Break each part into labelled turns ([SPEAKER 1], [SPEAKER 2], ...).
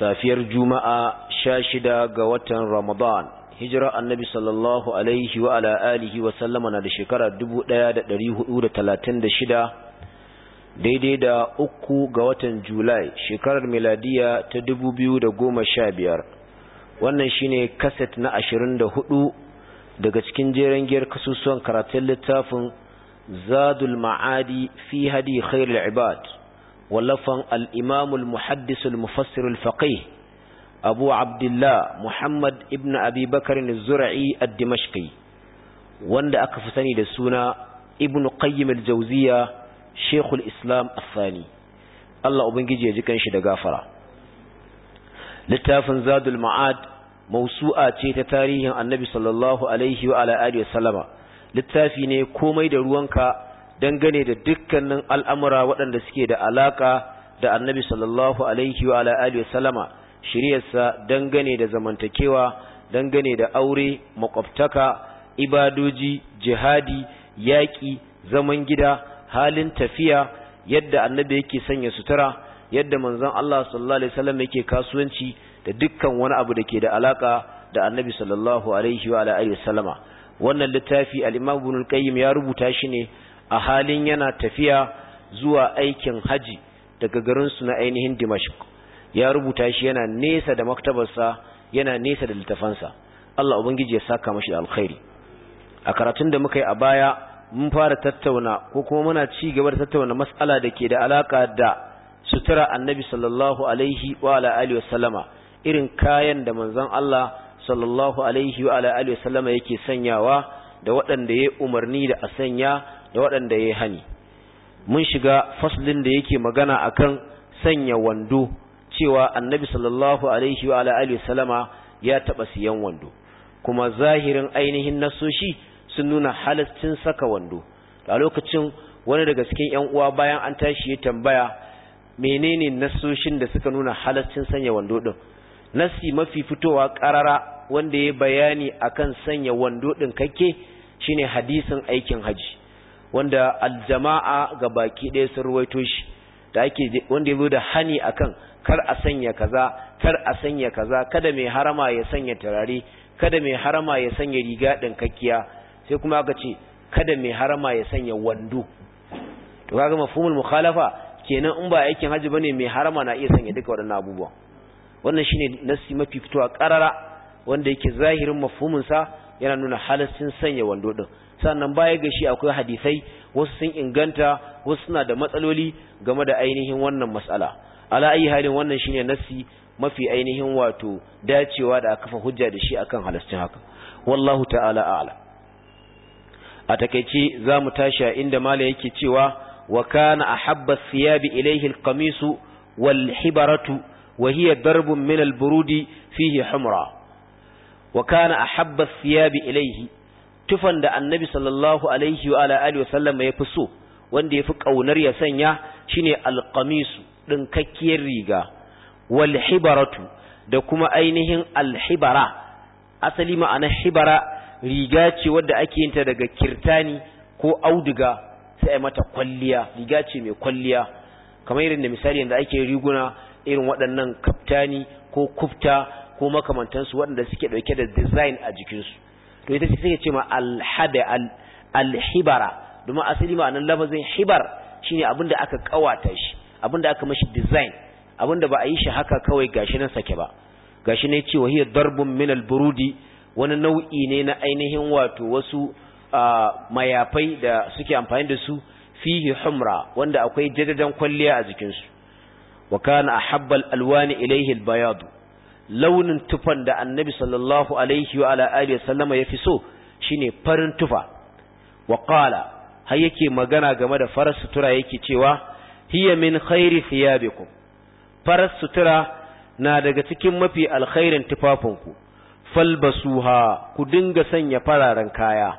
[SPEAKER 1] safiyar juma'a sha shida ga watan ramadan hijira annabi sallallahu alaihi wa ala alihi wa sallama na da shekara 1436 daidai da uku ga watan julai shekarar miladiya ta 2015 wannan shine kaset na 24 daga cikin jeren giyar kasusuwan karatun littafin zadul ma'adi fi hadi khairul ibad wallafan al'imamul muhaddisul mufassirul faƙai abu abdullah muhammad ibn abi bakarin zura'i a dimashkai wanda aka fi sani da suna ibn qayyim al-jauziya shekul islam asani allah ubangiji ya ji kanshi da gafara littafin zadul ma'ad mausu'a ce ta tarihin annabi sallallahu alaihi wa ala littafi ne komai da ruwanka dangane da dukkanin al'amura waɗanda suke da alaƙa da annabi sallallahu alaihi wa wa salama shiryarsa dangane da zamantakewa dangane da aure makwabtaka ibadoji jihadi yaƙi zaman gida halin tafiya yadda annabi yake sanya sutura yadda manzon Allah sallallahu alaihi wasallam yake kasuwanci da dukkan wani abu da ke da alaka da annabi sallallahu alaihi wa alihi wasallama wannan littafi al-imam ibn ya rubuta shi ne a halin yana tafiya zuwa aikin haji daga garinsu na ainihin dimashik ya rubuta shi yana nesa da maktabarsa yana nesa da littafansa Allah ubangiji ya saka mashi alkhairi a karatun da muka yi a baya mun fara tattauna ko kuma muna ci gaba da tattauna mas'ala da ke da alaka da sutura annabi sallallahu alaihi wa ala alihi wasallama irin kayan da manzon Allah sallallahu alaihi wa ala alihi wasallama yake sanyawa da waɗanda ya umarni da a sanya da waɗanda ya yi hani mun shiga faslin da yake magana akan sanya wando cewa annabi sallallahu alaihi wa alihi Salama, ya taɓa siyan wando kuma zahirin ainihin nasoshi sun nuna halascin saka wando a lokacin wani daga cikin yan uwa bayan an tashi ya tambaya menene nasoshin da suka nuna halascin sanya wando ɗin? nasi mafi fitowa karara wanda ya bayani akan sanya wando din kake shine hadisin aikin haji wanda aljama'a ga baki ɗaya sun ruwaito shi da ake wanda ya zo da hani akan kar a sanya kaza kar a sanya kaza kada mai harama ya sanya turare kada mai harama ya sanya riga ɗinkakkiya sai kuma aka ce kada mai harama ya sanya wando to kaga mafhumul mukhalafa kenan in ba aikin haji bane mai harama na iya sanya duka waɗannan abubuwa wannan shine nasi mafi fitowa ƙarara wanda yake zahirin mafhumin sa yana nuna halaccin sanya wando ɗin. sannan baya ga shi akwai hadisai wasu sun inganta wasu suna da matsaloli game da ainihin wannan mas'ala ala ayi halin wannan shine nassi mafi ainihin wato dacewa da kafa hujja da shi akan halastin haka wallahu ta'ala a'la a takeice zamu tashi inda mala yake cewa wa kana ahabba siyabi ilayhi alqamisu wal hibaratu wa hiya darbun min alburudi fihi humra wa kana ahabba siyabi ilayhi tufan da annabi sallallahu alaihi wa alihi wasallam ya fi so wanda ya fi ƙaunar ya sanya shine alƙamisu ɗinkakkiyar riga wal hibaratu da kuma ainihin alhibara asali ma'ana hibara riga ce wadda ake yinta daga kirtani ko auduga sai a mata kwalliya riga ce mai kwalliya kamar irin da misali yadda ake riguna irin waɗannan kaftani ko kufta ko makamantansu waɗanda suke ɗauke da design a jikinsu to ita ce take ce ma alhibara domin asali ma'anar lafazin hibar shine abin da aka kawata shi abin da aka mashi design abin da ba a yi shi haka kawai gashi nan sake ba gashi ne ce wahiyar darbun minal alburudi wani nau'i ne na ainihin wato wasu mayafai da suke amfani da su fihi humra wanda akwai jadadan kwalliya a jikinsu wa kana ahabbal alwani ilayhi albayadu launin tufan da annabi sallallahu alaihi wa alihi sallama ya fi so shine farin tufa wa qala har yake magana game da farar sutura yake cewa hiya min khairi thiyabikum farar sutura na daga cikin mafi alkhairin tufafinku falbasuha ku dinga sanya fararen kaya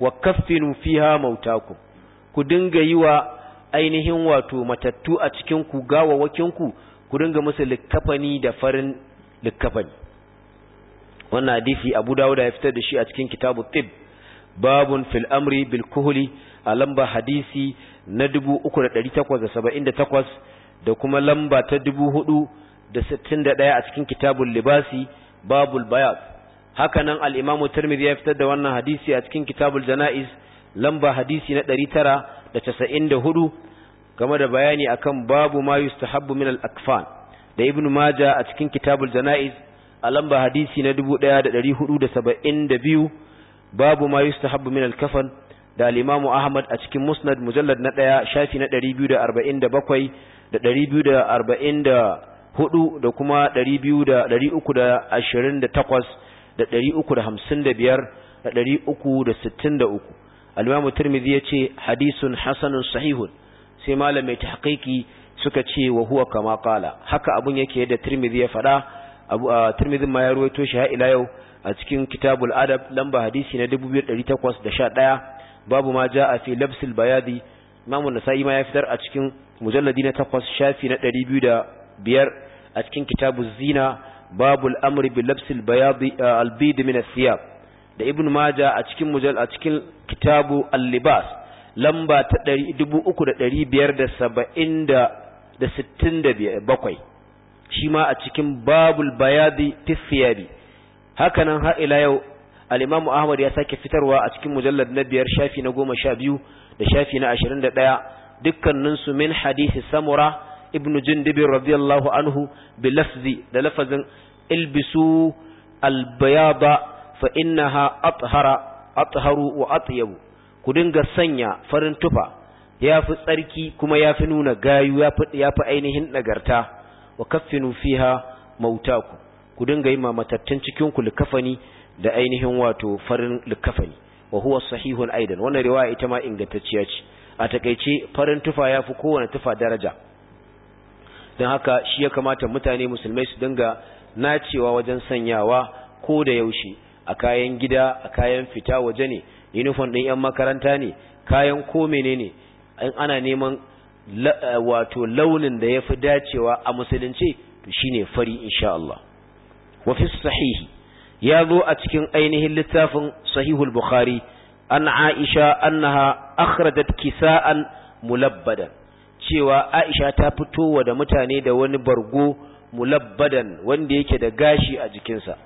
[SPEAKER 1] wa kaffinu fiha mautakum ku dinga yi wa ainihin wato matattu a cikin ku gawawakinku ku dinga musu likkafani da farin likkafani wannan hadisi abu dawuda ya fitar da shi a cikin kitabu tib babun fil amri bil kuhuli a lamba hadisi na 3878 da kuma lamba ta daya a cikin kitabun libasi babul bayat hakanan al al'imamu tirmidhi ya fitar da wannan hadisi a cikin kitabul janaiz lamba hadisi na da da hudu game da bayani akan babu ma yustahabbu min al-akfan da ibn maja a cikin kitabul jana'iz a lamba hadisi na 1472 babu ma yustahabbu min al-kafan da al-imamu ahmad a cikin musnad mujallad na 1 shafi na 247 da 244 da kuma 200 da 328 da 355 da 363 al-imamu tirmidhi yace hadisun hasanun sahihun sai malamai mai tahqiqi suka ce wa huwa kama qala haka abun yake da Tirmidhi ya faɗa Tirmidhi ma ya ruwaito shi har ila yau a cikin Kitabul Adab lamba hadisi na 2811 babu ma jaa fi labsil bayadi Imam Nasa'i ma ya fitar a cikin mujalladi na 8 shafi na 205 a cikin Kitabuz Zina babul amri bi labsil bayadi albid min athiyab da Ibn Majah a cikin mujal a cikin Kitabu Al-Libas lamba ta 3570 da sittin da bakwai shi ma a cikin babul bayadi tifiyabi hakanan har ila yau al'imamu ahmad ya sake fitarwa a cikin mujallar na biyar shafi na goma sha biyu da shafi na ashirin da ɗaya dukkaninsu min hadisi samura ibnu jindibin radiyallahu anhu bi lafzi da lafazin ilbisu albayaba fa innaha athara atharu wa atyabu ku dinga sanya farin tufa ya fi tsarki kuma ya fi nuna gayu ya fi ainihin nagarta wa kaffinu fiha mautaku ku dinga yi mamatattun cikin ku likafani da ainihin wato farin likafani wa huwa sahihun aidan wannan riwaya ita ma ingantacciya ce a takaice farin tufa ya fi kowane tufa daraja don haka shi ya kamata mutane musulmai su dinga nacewa wajen sanyawa ko da yaushe a kayan gida a kayan fita waje ne uniform ɗin yan makaranta ne kayan ko menene in ana neman eh, wato launin da ya fi dacewa a musulunci to shine fari insha Allah sahihi ya zo a cikin ainihin littafin sahihul bukhari an aisha annaha akhrajat kisa'an mulabbadan cewa aisha ta fito wa da mutane da wani bargo mulabbadan wanda yake da gashi a jikinsa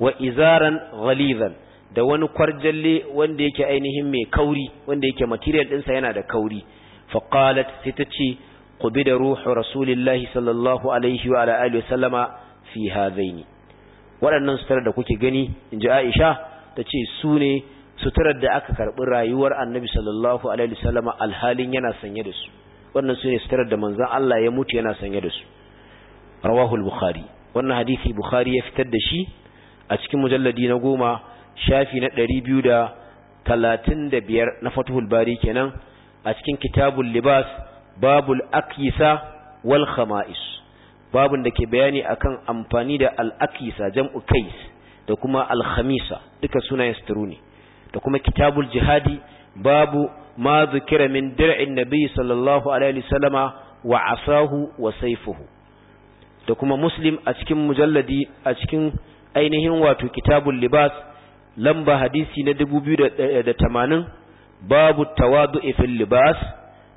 [SPEAKER 1] wa izaran ghalizan da wani kwarjalle wanda yake ainihin mai kauri wanda yake material ɗinsa yana da kauri faqalat sai ta ce da ruhu rasulillahi sallallahu alaihi wa ala wa wasallama fi hadaini waɗannan suturar da kuke gani inji Aisha ta ce su ne suturar da aka karɓi rayuwar annabi sallallahu alaihi wasallama alhalin yana sanye da su wannan su ne suturar da manzan Allah ya mutu yana sanye da su rawahu bukhari wannan hadisi bukhari ya fitar da shi a cikin mujalladi na goma shafi na ɗari biyu da talatin da biyar na fatuhul bari kenan a cikin kitabul libas babul akisa wal khama'is babun da ke bayani akan amfani da al-akisa jam'u kais da kuma al-khamisa duka sunayen suturu ne da kuma kitabul jihadi babu ma zukira min dir'in sallallahu alaihi wasallama wa asahu wa saifuhu da kuma muslim a cikin mujalladi a cikin ainihin wato kitabul libas lamba hadisi na dubu biyu eh, da tamanin babu tawadu'i fil libas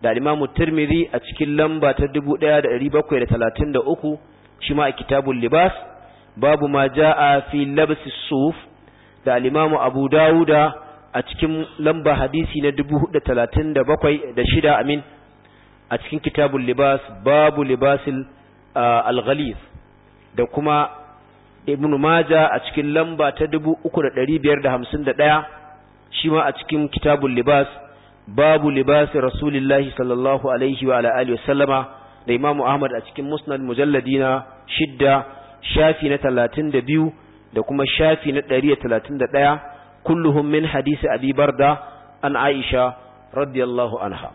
[SPEAKER 1] da Imam Turmiri a cikin lamba ta dubu da da bakwai talatin 1733 shi ma a kitabun libas babu ma ja a fi labisi suf da Imam Abu Dawuda a cikin lamba hadisi na dubu da talatin da da bakwai shida amin a cikin kitabun libas babu libasin ah, al-ghalith da kuma ibn maja a cikin lamba ta 3551 shi ma a cikin kitabul libas babu Libasin rasulillahi sallallahu alaihi wa alihi wa sallama da imamu ahmad a cikin musnad mujalladina shidda shafi na 32 da kuma shafi na 131 kulluhum min hadisi abi barda an aisha radiyallahu anha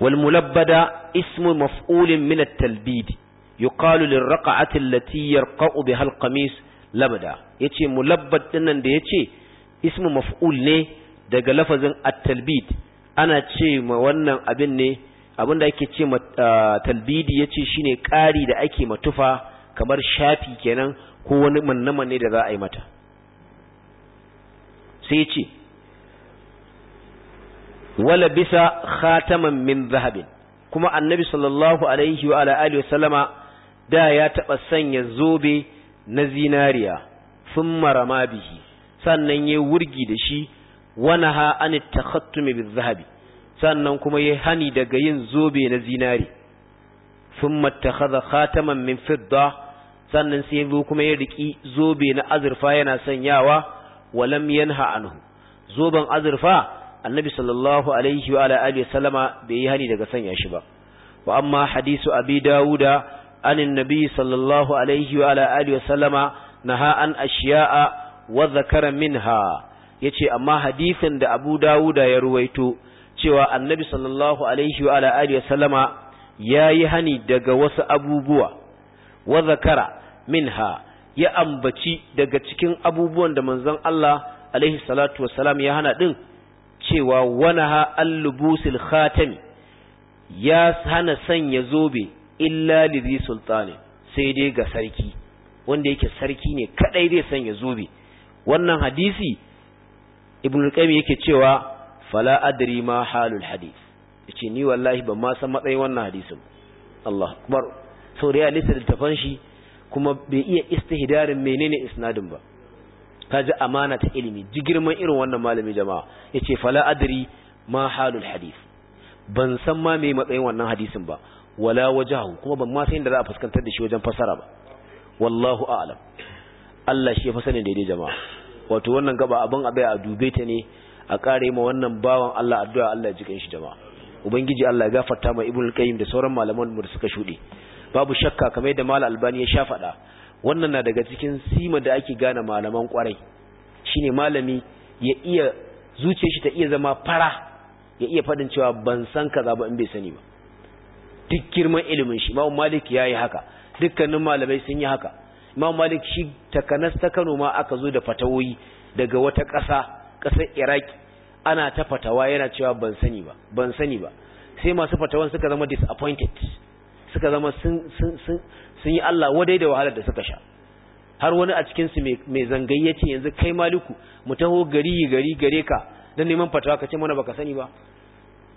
[SPEAKER 1] wal mulabbada ismu maf'ulin min at-talbidi yuqalu lirraqa'ati allati yarqa'u biha alqamis labada yace mulabbad dinnan da yace ismu maf'ul ne daga lafazin at-talbid ana ce ma wannan abin ne abin da ake ce ma talbidi yace shine ƙari da ake matufa kamar shafi kenan ko wani mannaman ne da za a yi mata sai ce wala bisa khataman min zahabin kuma annabi sallallahu alaihi wa alihi wa sallama da ya taɓa sanya zobe na zinariya sun marama bihi sannan ya wurgi da shi wani ha an takhattumi zahabi sannan kuma ya hani daga yin zobe na zinari sun mattakhadha khataman min fidda sannan sai zo kuma ya riki zobe na azurfa yana sanyawa walam yanha anhu zoben azurfa annabi sallallahu alaihi wa alihi bai yi hani daga sanya shi ba wa amma hadisu abi dawuda عن النبي صلى الله عليه وعلى آله وسلم نهى عن أشياء وذكر منها yace amma hadisin da Abu Dawuda ya ruwaito cewa Annabi sallallahu alaihi wa alihi wasallama yayi hani daga wasu abubuwa wa zakara minha ya ambaci daga cikin abubuwan da manzon Allah alaihi salatu wasalam ya hana din cewa wanaha al-lubusil khatami ya hana sanya zobe illa lizi sultani sai dai ga sarki wanda yake sarki ne kadai zai sanya zobe wannan hadisi ibnu qayyim yake cewa fala adri ma halul hadith yace ni wallahi ban ma san matsayin wannan hadisin Allah akbar so da littafin shi kuma bai iya istihdarin menene isnadin ba kaji amana ta ilimi ji girman irin wannan malami jama'a yace fala adri ma halul hadith ban san ma me matsayin wannan hadisin ba wala wajahu kuma ban ma san da za a fuskantar da shi wajen fasara ba wallahu a'lam Allah shi ya fi sanin daidai jama'a wato wannan gaba abin abai a dube ta ne a kare ma wannan bawan Allah addu'a Allah ya shi jama'a ubangiji Allah ya gafarta ma ibnu qayyim da sauran malaman mu da suka shude babu shakka kamar yadda mal albani ya sha faɗa wannan na daga cikin sima da ake gane malaman kwarai shine malami ya iya zuciyar ta iya zama fara ya iya faɗin cewa ban san kaza ba in bai sani ba duk girman ilimin shi Imam Malik ya yi haka dukkanin malamai sun yi haka Imam Malik shi takanas ta Kano ma aka zo da fatawoyi daga wata ƙasa ƙasar Iraki ana ta fatawa yana cewa ban sani ba ban sani ba sai masu fatawan suka zama disappointed suka zama sun sun yi Allah wadai da wahalar da suka sha har wani a cikin su mai zangayi yace yanzu kai Maliku mu taho gari gari gare ka dan neman fatawa ka ce mana baka sani ba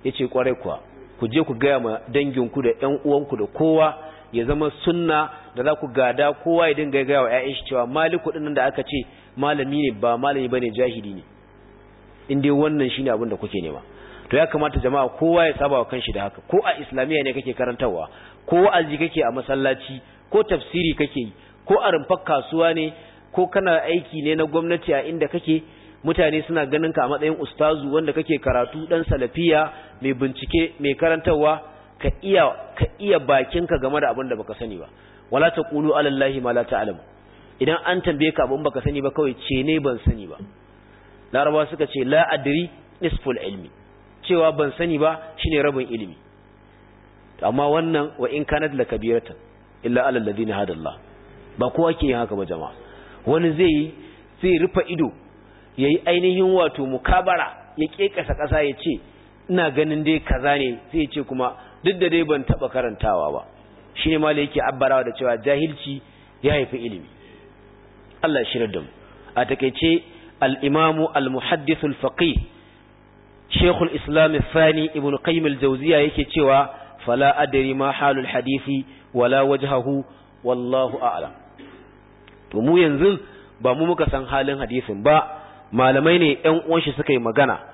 [SPEAKER 1] yace kwarai kuwa ku je ku gaya ma danginku da 'yan uwanku da kowa ya zama sunna da za ku gada kowa ya dinga gaya wa ƴaƴan shi cewa maliku din da aka ce malami ne ba malami ba ne jahili ne in dai wannan shine abin da kuke nema to ya kamata jama'a kowa ya saba wa kanshi da haka ko a islamiyya ne kake karantawa ko wa'azi kake a masallaci ko tafsiri kake yi ko a rumfar kasuwa ne ko kana aiki ne na gwamnati a inda kake mutane suna ganin ka a matsayin ustazu wanda kake karatu dan salafiya mai bincike mai karantarwa ka iya ka iya bakinka game da abin da baka sani ba wala taqulu ala llahi ma la ta'lam idan an tambaye ka abin baka sani ba kawai ce ne ban sani ba laraba suka ce la adri isful ilmi cewa ban sani ba shine rabin ilimi amma wannan wa in kanat la kabiratan illa ala alladhina hada ba kowa ke yin haka ba jama'a wani zai yi zai rufa ido yayi ainihin wato mukabara ya kekasa kasa ya ce ina ganin dai kaza ne sai ce kuma duk da dai ban taba karantawa ba shine malai yake abbarawa da cewa jahilci ya haifi ilimi Allah shirar da mu a takeice al-imam al-muhaddith al-faqih shaykh al-islam al ibn qayyim al-jawziya yake cewa fala adri ma halul hadisi wala wajhahu wallahu a'lam to mu yanzu ba mu muka san halin hadisin ba malamai ne ƴan uwan shi suka yi magana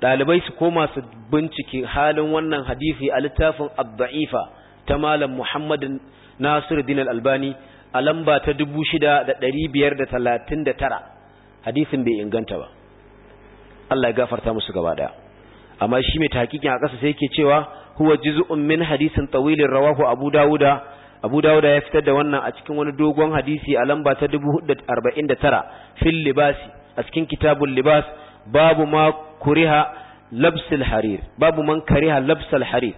[SPEAKER 1] Dalibai su koma su bincike halin wannan hadisi a littafin abda'ifa ta malam muhammadin nasiru dinar albani a lamba ta 6,539 hadisin bai inganta ba Allah ya gafarta musu gaba daya amma shi mai tahakikin a ƙasa sai ke cewa huwa juz'un min hadisin tawilin rawahu abu dawuda abu dawuda ya fitar da wannan a cikin wani dogon hadisi a lamba ta 449 fil libasi a cikin kitabul libas babu ma kuriha labsil harir babu man kariha labsal harir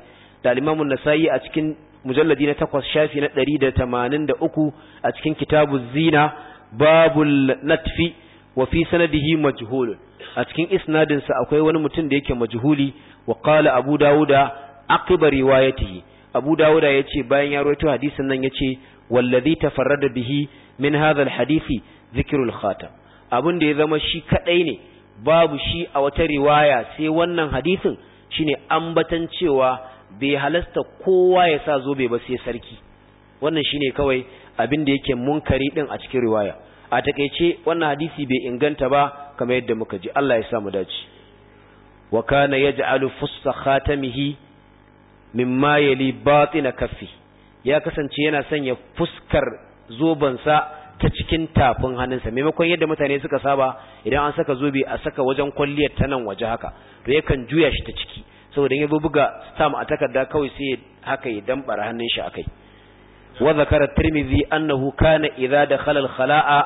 [SPEAKER 1] da imamun nasayi a cikin mujalladi na takwas shafi na ɗari da tamanin da uku a cikin kitabu zina babul natfi wa fi sanadihi majhulun a cikin isnadinsa akwai wani mutum da yake majhuli wa qala abu dawuda aqiba riwayatihi abu dawuda yace bayan ya rawaito hadisin nan yace wallazi tafarrada bihi min hadha alhadisi dhikrul khatam abin da ya zama shi kadai ne babu shi a wata riwaya sai wannan hadisin shine ambatan cewa bai halasta kowa ya sa zobe ba sai sarki wannan shine kawai abin da yake munkari din a cikin riwaya a takeice wannan hadisi bai inganta ba kamar yadda muka ji Allah ya sa mu dace wa kana yaj'alu fussa khatamihi mimma yali batina kaffi ya kasance yana sanya fuskar zobansa ta cikin tafin hannunsa maimakon yadda mutane suka saba idan an saka zobe a saka wajen kwalliyar ta nan waje haka to yakan juya shi ta ciki saboda ya buga stam a takarda kawai sai haka ya dambara hannun shi akai wa zakara tirmidhi annahu kana idza dakhala al-khala'a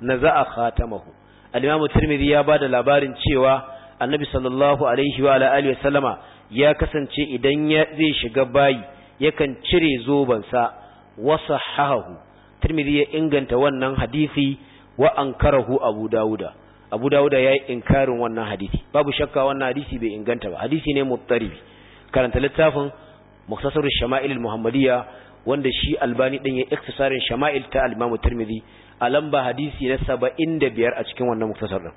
[SPEAKER 1] naza'a khatamahu al-imam tirmidhi ya bada labarin cewa annabi sallallahu alaihi wa alihi wa sallama ya kasance idan ya zai shiga bayi yakan cire zobansa wa sahahu tirmidhi ya inganta wannan hadisi wa ankarahu abu Dawuda. abu Dawuda ya yi inkarin wannan hadisi babu shakka wannan hadisi bai inganta ba hadisi ne muttaribi karanta littafin muktasar shama'il muhammadiyya wanda shi albani din ya iktisarin shama'il ta al-imam tirmidhi a lamba hadisi na 75 a cikin wannan muktasar din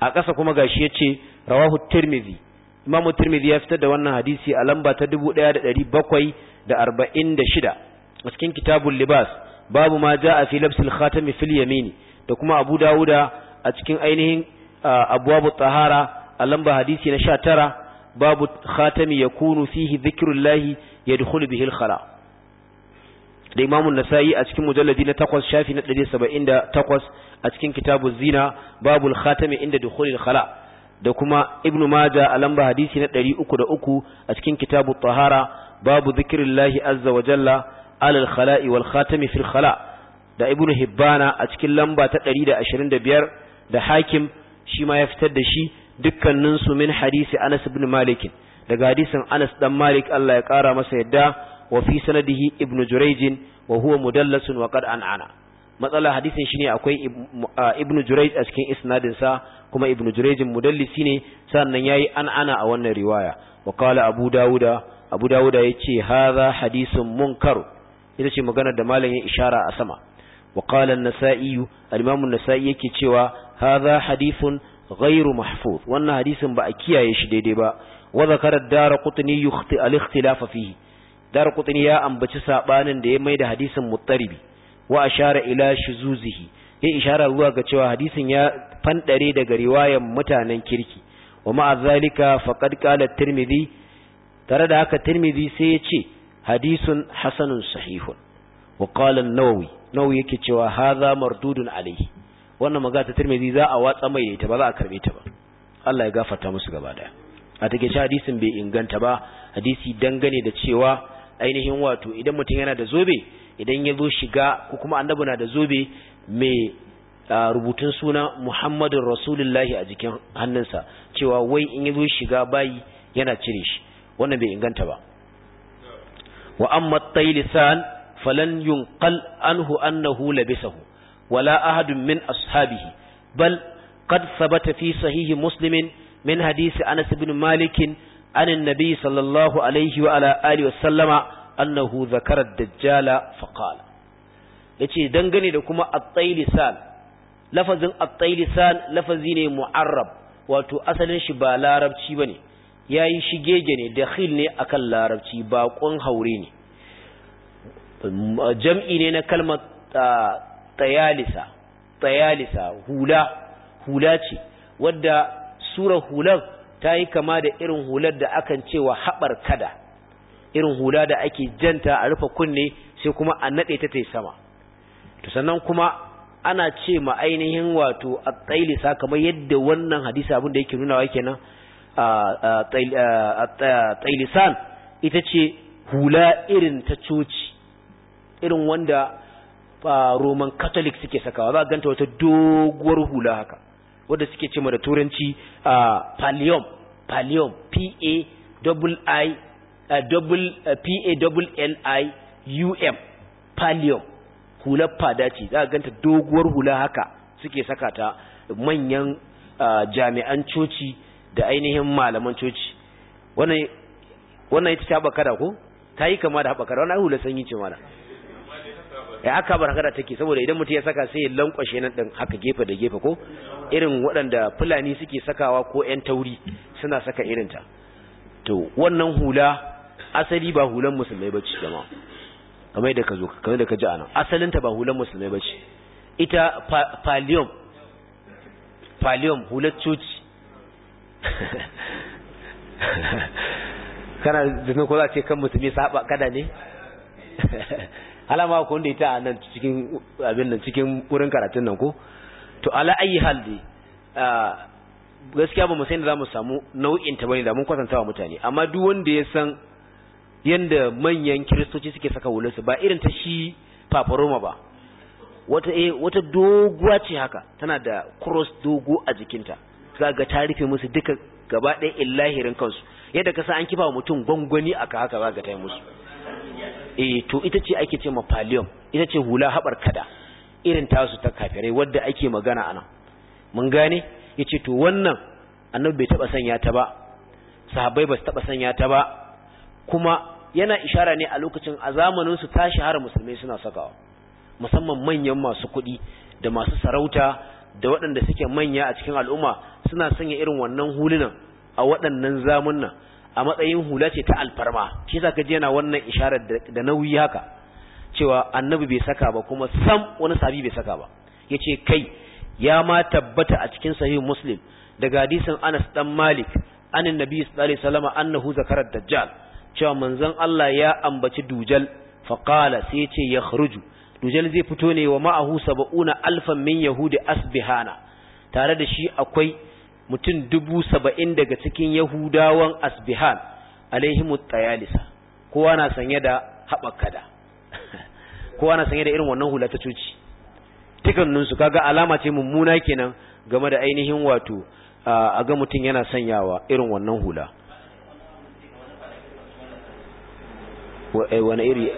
[SPEAKER 1] a ƙasa kuma gashi yace rawahu tirmidhi imam tirmidhi ya fitar da wannan hadisi a lamba ta 1746 a cikin kitabul libas babu ma jaa fi labsil khatami fil yamini da kuma Abu Dawuda a cikin ainihin abwabu tahara a lamba hadisi na 19 babu khatami yakunu fihi dhikrullahi yadkhulu bihi al khala da Imam nasai a cikin mujalladi na 8 shafi na 178 a cikin kitabu zina babul khatami inda dukhulil khala da kuma ibnu maja a lamba hadisi na 303 a cikin kitabu tahara babu zikrillahi azza wa jalla alal khala'i wal khatami fil khala da ibnu hibbana a cikin lamba ta 125 da hakim shi ma ya fitar da shi dukkanin su min hadisi Anas ibn Malik daga hadisin Anas dan Malik Allah ya kara masa yadda wa fi sanadihi ibnu Jurayj wa huwa mudallasun wa qad an'ana matsalar hadisin shine akwai ibnu Jurayj a cikin isnadin sa kuma ibnu Jurayj mudallisi ne sannan yayi an'ana a wannan riwaya wa qala Abu dauda Abu Dawuda yace hadha hadisun munkaru ita ce magana da malam ya ishara a sama wa qala an-nasa'i al-imam an-nasa'i yake cewa hadha hadithun ghairu mahfuz wannan hadisin ba a kiyaye shi daidai ba wa zakara ad-darqutni yukhti al-ikhtilaf fihi darqutni ya ambaci saɓanin da ya maida hadisin muttaribi wa ashara ila shuzuzihi ya ishara zuwa ga cewa hadisin ya fandare daga riwayan mutanen kirki wa ma'a zalika faqad qala tirmidhi tare da haka tirmidhi sai ya ce hadisun hasanun sahihun wa qala an-nawawi yake cewa hadha mardudun alayhi wannan magana ta tirmidhi za a watsa mai da ita ba za a karbe ta ba Allah ya gafarta musu gaba daya a take shi hadisin bai inganta ba hadisi dangane da cewa ainihin wato idan mutum yana da zobe idan ya zo shiga ko kuma annabi na da zobe mai rubutun suna Muhammadun Rasulullahi a jikin hannunsa cewa wai in ya zo shiga bayi yana cire shi wannan bai inganta ba wa amma taylisan falan yunqal anhu annahu labisahu wala ahadun min ashabihi bal qad thabata fi sahihi muslimin min hadisi Anas ibn malikin an annabi sallallahu alaihi wa ala alihi wa sallama annahu zakara dajjala fa qala yace dangane da kuma at-taylisan lafazin at lisan lafazi ne mu'arrab wato asalin shi ba larabci bane ya yi shigege ne hil ne a kan larabci baƙon haure ne jam'i ne na kalmar tayalisa tayalisa hula hula ce wadda surar hular ta yi kama da irin hular da akan cewa haɓar kada irin hula da ake janta a rufe kunne sai kuma a naɗe ta ta sama to sannan kuma ana ce ma ainihin wato a tsailisa kamar yadda wannan hadisi abin da yake nunawa kenan tailisan ita ce hula irin ta coci irin wanda roman catholic suke sakawa za a ganta wata doguwar hula haka wadda suke ce da turanci palium palium p-a-l-i-u-m palium hular fada ce za a ganta doguwar hula haka suke saka ta manyan jami'an coci da ainihin malaman coci wannan ita ta bakara ko ta yi kama da haɓakara wannan hula sanyi ce mana ya eh, haka da take saboda idan mutum ya saka sai ya lankwashe nan ɗin haka gefe da gefe ko irin waɗanda fulani suke sakawa ko ƴan tauri suna saka irinta to wannan hula asali ba hulan musulmai bace jama'a kamar da ka zo kamar da ka ji nan asalinta ba hulan musulmai bace ita Paliyom Paliyom hulat coci kana da ko za ce kan musulmi saba kada ne alama ko wanda ita a nan cikin abin nan cikin wurin karatun nan ko to ala ayi hal gaskiya ba mu san da za mu samu nau'in ta bane da mun kwatantawa mutane amma duk wanda ya san yanda manyan kiristoci suke saka su ba irin ta shi paparoma ba wata eh wata doguwa ce haka tana da cross dogo a jikinta za ga ta rufe musu duka gaba ɗaya illahirin kansu yadda kasa an kifa mutum gwangwani aka haka za ga ta yi musu eh to ita ce ake ce mafaliyon ita ce hula haɓar kada irin tasu ta kafirai wadda ake magana anan mun gane yace to wannan annabi bai taɓa sanya ta ba sahabbai ba su taɓa sanya ta ba kuma yana ishara ne a lokacin a zamaninsu ta shahara musulmai suna sakawa musamman manyan masu kuɗi da masu sarauta da waɗanda suke manya a cikin al'umma suna sanya irin wannan hulunan a waɗannan zamunan a matsayin hula ce ta alfarma shi yasa je yana wannan isharar da nauyi haka cewa annabi bai saka ba kuma sam wani sabi bai saka ba yace kai ya ma tabbata a cikin sahih muslim daga hadisin Anas dan Malik anin nabi sallallahu alaihi wasallam annahu zakara dajjal cewa manzon Allah ya ambaci dujal faqala sai yace yakhruju dujal zai fito ne wa ma'ahu saba'una alfan min yahudi asbihana tare da shi akwai mutum dubu saba'in daga cikin yahudawan asbihan alaihimu tsayalisa kowa na sanye da haɓakada kowa na sanye da irin wannan hula ta coci tikanninsu kaga alama ce mummuna kenan game da ainihin wato a ga mutum yana sanyawa irin wannan hula eh, iri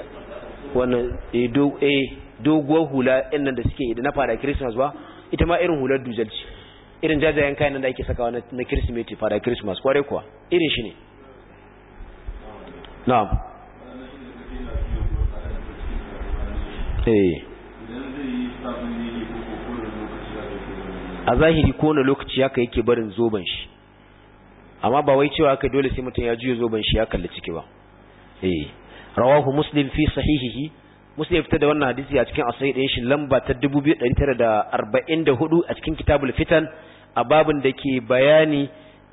[SPEAKER 1] wannan eh, eh, doguwar hula yan nan da suke da na fara christmas ba ita ma irin hular dujalci irin jajayen kayan nan da ake sakawa na kirismeti fara christmas kwarai kuwa irin shi ne na'am eh. a zahiri kowane lokaci haka yake barin zoben shi amma ba wai cewa haka dole sai mutum ya juya zoben shi ya kalli ciki ba eh rawahu muslim fi sahihihi muslim ya fitar da wannan hadisi a cikin asai ɗin shi lamba ta 2944 a cikin kitabul fitan a babin da ke bayani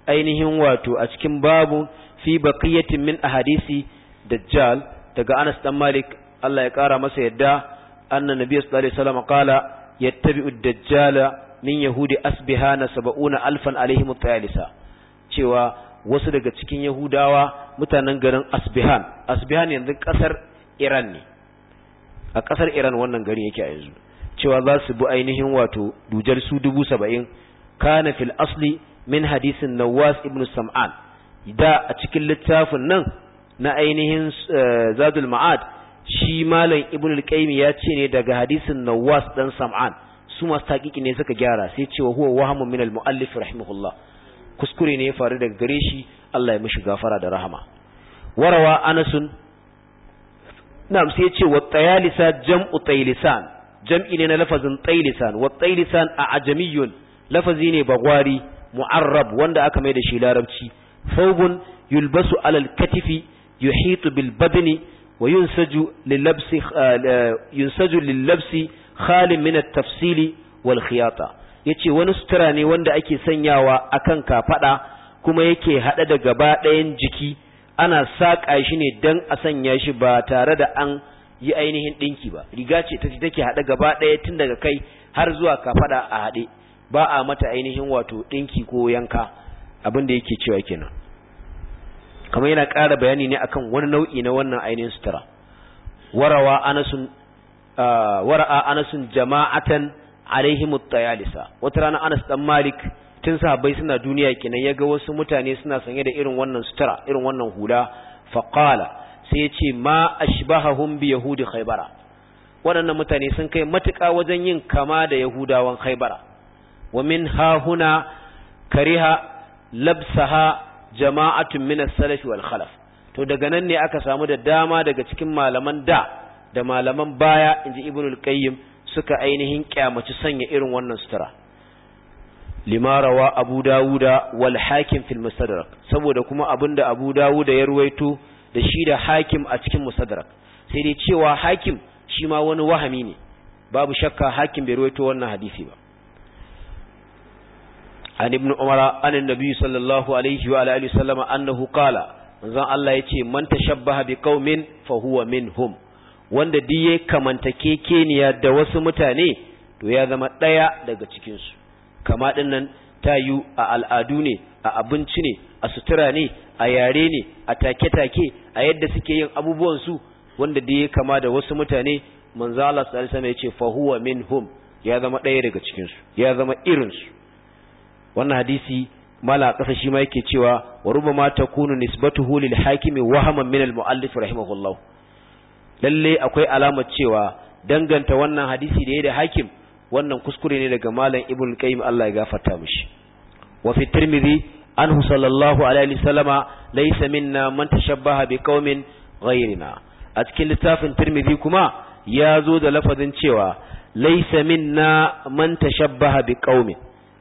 [SPEAKER 1] ainihin wato a cikin babu fi baqiyatin min ahadisi dajjal daga Anas dan Malik Allah ya kara masa yadda anna nabiyyu sallallahu alaihi wasallam qala yattabi'u dajjala min yahudi asbihana sab'una alfan alaihim talisa cewa wasu daga cikin yahudawa mutanen garin asbihan asbihan yanzu kasar iran ne a kasar iran wannan garin yake a yanzu cewa za su bi ainihin wato dujar su dubu saba'in kana fil asli min hadisin nawas ibn sam'an da a cikin littafin nan na ainihin eh, zadul ma'ad shi malam ibn al-qayyim ya ce ne daga hadisin nawas dan sam'an su masu taƙiƙi ne suka gyara sai cewa huwa wahamun min al-mu'allif rahimahullah kuskure ne ya faru daga gare shi Allah ya mishi gafara da rahama warawa anasun na'am sai ya ce wa tayalisa jam'u taylisan jam'i ne na lafazin taylisan wa taylisan a ajamiyun lafazi ne bagwari mu'arrab wanda aka mai da shi larabci thawbun yulbasu alal katifi yuhitu bil badni wa yunsaju lil labsi eh, yunsaju khalin min at-tafsili wal khiyata ya ce wani sutura ne wanda ake sanyawa a kan kafaɗa kuma yake haɗa da gaba ɗayan jiki ana saƙa shi ne don a sanya shi ba tare da an yi ainihin ɗinki ba riga ce ta take haɗa gaba ɗaya tun daga kai har zuwa kafaɗa a haɗe ba a mata ainihin wato ɗinki ko yanka abin da yake cewa kenan kamar yana ƙara bayani ne akan wani nau'i na wannan ainihin sutura warawa anasun ah, wara'a anasun jama'atan alaihi tayalisa wata rana Anas dan Malik tun sahabbai suna duniya kenan yaga wasu mutane suna sanye da irin wannan sutura irin wannan hula faqala sai ya ce ma ashbahahum bi yahudi khaybara waɗannan mutane sun kai matuƙa wajen yin kama da yahudawan khaybara wa min hahuna kariha labsaha jama'atun min as-salaf wal khalaf to daga nan ne aka samu da dama daga cikin malaman da da malaman baya inji ibnul qayyim suka ainihin kyamaci sanya irin wannan sutura limarawa abu dawuda wal hakim fil musaddarak saboda kuma abinda abu dawuda ya ruwaito da shi da hakim a cikin musaddarak sai dai cewa hakim shi ma wani wahami ne babu shakka hakim bai ruwaito wannan hadisi ba an ibn umara anan nabi sallallahu alaihi wa alihi sallama annahu qala manzon Allah yace man tashabbaha biqaumin fa huwa minhum wanda duk ya kamanta kekeniya da wasu mutane to ya zama ɗaya daga cikinsu kama ɗin nan ta yi a al'adu ne a abinci ne a sutura ne a yare ne a take-take a yadda suke yin abubuwansu wanda da ya kama da wasu mutane manzo Allah sallallahu alaihi ce fahuwa minhum ya zama ɗaya daga cikinsu ya zama irinsu wannan hadisi mala ƙasa shi ma yake cewa wa rubama takunu nisbatuhu lil hakimi wahaman min al muallif rahimahullah lalle akwai alamar cewa danganta wannan hadisi da ya da hakim wannan kuskure ne daga malam ibn qayyim Allah ya gafarta mishi wa fi tirmidhi anhu sallallahu alaihi wasallama laysa minna man tashabbaha bi qaumin ghayrina a cikin littafin tirmidhi kuma ya zo da lafazin cewa laysa minna man tashabbaha bi qaumin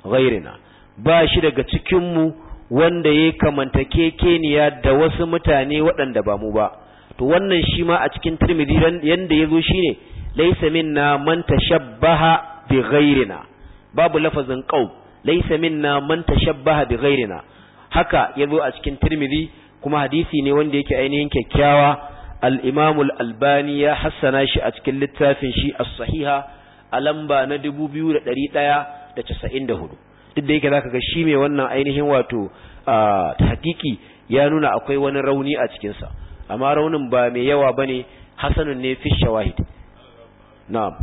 [SPEAKER 1] ghayrina ba shi daga cikin mu wanda ya kamanta kekeniya da wasu mutane waɗanda ba mu ba to wannan shi ma a cikin ya zo shi shine laysa minna man tashabbaha bi ghairina babu lafazin qaum laysa minna man tashabbaha bi ghairina haka zo a cikin turmidi kuma hadisi ne wanda yake ainihin kyakkyawa al-imam al-albani ya hassana shi a cikin littafin shi as-sahiha a lamba na 2194 duk da yake zaka ga shi mai wannan ainihin wato hakiki ah, ya nuna akwai wani rauni a cikinsa amma raunin ba mai yawa ba ne hasanun ne fi shawahid na'am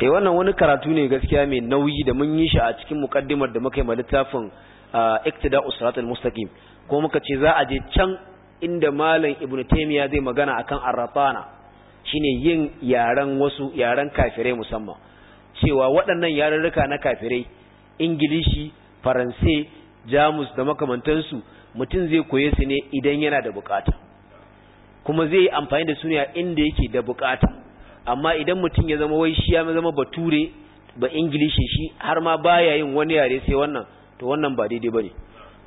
[SPEAKER 1] E, wannan wani karatu ne gaskiya mai nauyi da mun yi shi a cikin mukaddimar da muka yi ma littafin ah, iktida'us usratul mustaqim ko muka ce za a je can inda malam ibnu taymiya zai magana akan arratana shine yin yaran wasu yaran kafirai musamman cewa waɗannan yarurruka na kafirai ingilishi faransai jamus da makamantansu mutum zai koye su ne idan yana da bukata kuma zai yi amfani da su a inda yake da bukata amma idan mutum ya zama wai shi ya zama bature ba ingilishi shi har ma baya yin wani yare sai wannan to wannan ba daidai bane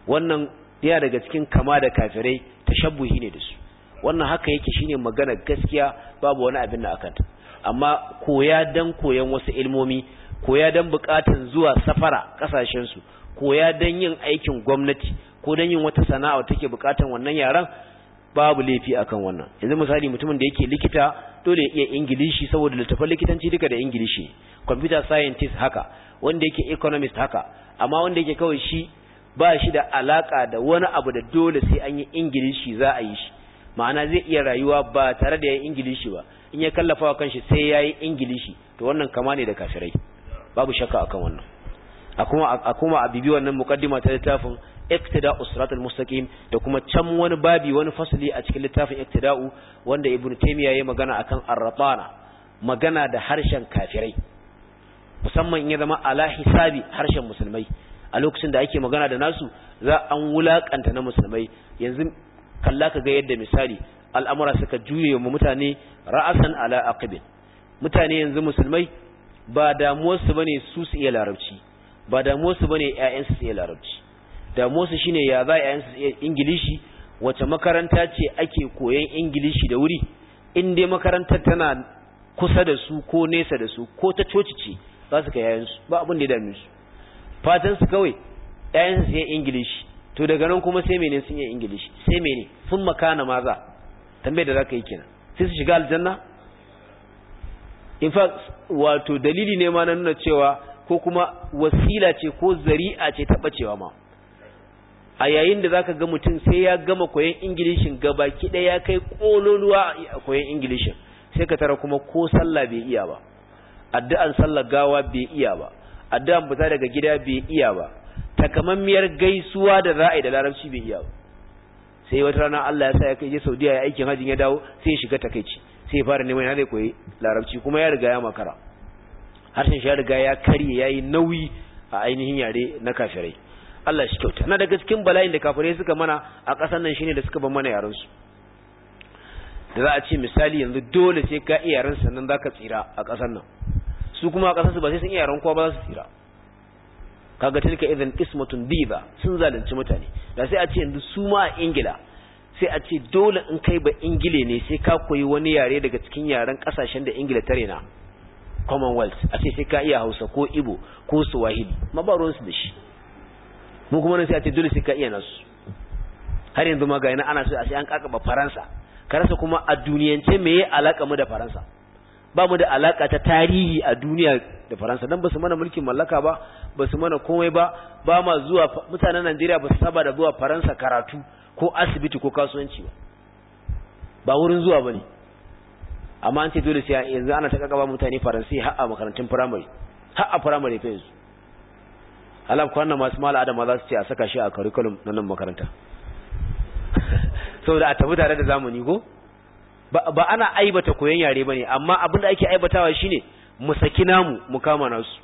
[SPEAKER 1] wannan yana daga cikin kama da kafirai tashabbuhi ne da su wannan haka yake shine magana gaskiya babu wani abin da akanta amma koya dan koyan wasu ilmomi koya dan bukatun zuwa safara kasashen su koya dan yin aikin gwamnati ko dan yin wata sana'a take bukatan wannan yaran babu laifi akan wannan yanzu misali mutumin da yake likita dole ya iya ingilishi saboda littafin likitanci duka da ingilishi computer scientist haka wanda yake economist haka amma wanda yake kawai shi ba shi da alaƙa da wani abu da dole sai an yi ingilishi za a yi shi ma'ana zai iya rayuwa ba tare da ya yi ingilishi ba in ya kallafa wa kanshi sai ya yi ingilishi to wannan kama ne da kafirai babu shakka akan wannan a kuma a bibi wannan muqaddima ta littafin iktida'u siratal mustaqim da kuma can wani babi wani fasali a cikin littafin iktida'u wanda ibnu taymiya yayi magana akan arratana magana da harshen kafirai musamman in ya zama ala hisabi harshen musulmai a lokacin da ake magana da nasu za an wulakanta na musulmai yanzu kalla ka ga yadda misali al'amura suka juye wa mutane ra'asan ala aqib mutane yanzu musulmai ba damuwarsu bane su su iya larabci ba damuwarsu bane ƴaƴan su iya larabci damuwarsu shine ya za ƴaƴan su ingilishi wace makaranta ce ake koyan ingilishi da wuri in dai makarantar tana kusa da su ko nesa da su ko ta coci ce za su ga ƴaƴan su ba abin da ya dame su fatan su kawai ɗayan su yi ingilishi to daga nan kuma sai mene sun yi ingilishi sai mene sun makana maza tambayar da zaka yi kenan sai su shiga aljanna in fact wato dalili ne ma na nuna cewa ko kuma wasila ce ko zari'a ce ta bacewa ma a yayin da zaka ga mutum sai ya gama koyon ingilishin gaba kiɗa, ya kai kololuwa a koyon ingilishin sai ka tara kuma ko sallah bai iya ba addu'an sallah gawa bai iya ba addu'an fita daga gida bai iya ba takamammiyar gaisuwa da ra'ayi da larabci bai iya ba sai wata rana Allah ya sa ya kai je Saudiya ya aikin hajji ya dawo sai ya shiga takeici sai ya fara neman yana koyi larabci kuma ya riga ya makara harshen shi ya riga ya karye yayi nauyi a ainihin yare na kafirai Allah shi kyauta na daga cikin bala'in da kafirai suka mana a ƙasar nan shine da suka ban mana yaran su da za a ce misali yanzu dole sai ka iya yaran sannan zaka tsira a ƙasar nan su kuma a ƙasarsu ba sai sun iya rankuwa ba za su tsira kaga tilka idan qismatun diba sun zalunci mutane da sai a ce yanzu su ma a ingila sai a ce dole in kai ba ingile ne sai ka koyi wani yare daga cikin yaren kasashen da ingila ta rena commonwealth a ce sai ka iya hausa ko ibo ko swahili ruwan su da shi mu kuma nan sai a ce dole sai ka iya nasu har yanzu ma ga yana ana so a sai an kakaba faransa ka rasa kuma a duniyance me meye alaka mu da faransa ba mu da alaka ta tarihi a duniya da faransa don ba su mana mulkin mallaka ba ba su mana komai ba ba ma zuwa mutanen najeriya ba su saba da zuwa faransa karatu ko asibiti ko kasuwanci ba ba wurin zuwa ba ne amma an ce dole sai yanzu ana ta ba mutane faransai har a makarantun firamare har a firamare fa yanzu alaf kwanan masu mala adama za su ce a saka shi a curriculum na nan makaranta saboda a tafi tare da zamani ko ba ana aibata koyon yare ba ne amma abin da ake aibatawa shine ne musaki namu mu kama nasu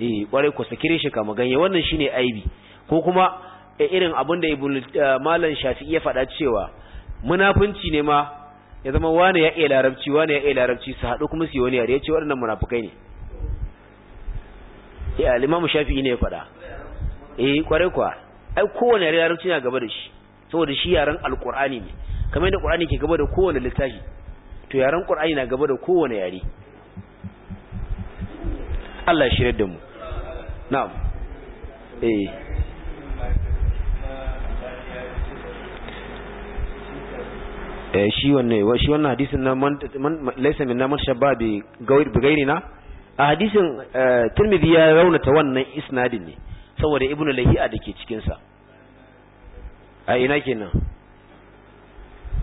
[SPEAKER 1] eh kwarai ku sakire shi kama ganye wannan shine aibi ko kuma e, irin abin da e, malam shafi'i ya faɗa cewa munafunci ne ma ya zama wani ya iya larabci wani ya iya larabci su haɗu kuma su yi wani yare ya ce waɗannan munafukai ne ya eh, limamu shafi'i ne ya faɗa eh kwarai kuwa ai kowane yare larabci na gaba da shi saboda shi yaren alkur'ani ne kamar da ƙwarani ke gaba da kowane littafi to yaren ƙwarani na gaba da kowane yare Allah shirar da mu na'am eh eh shi wanne shi wannan hadisun na man laysa minna shabba bi gawir bi a hadisin eh, turmidi ya raunata wannan isnadin ne saboda Ibn Lahi'a da ke cikinsa. a ina kenan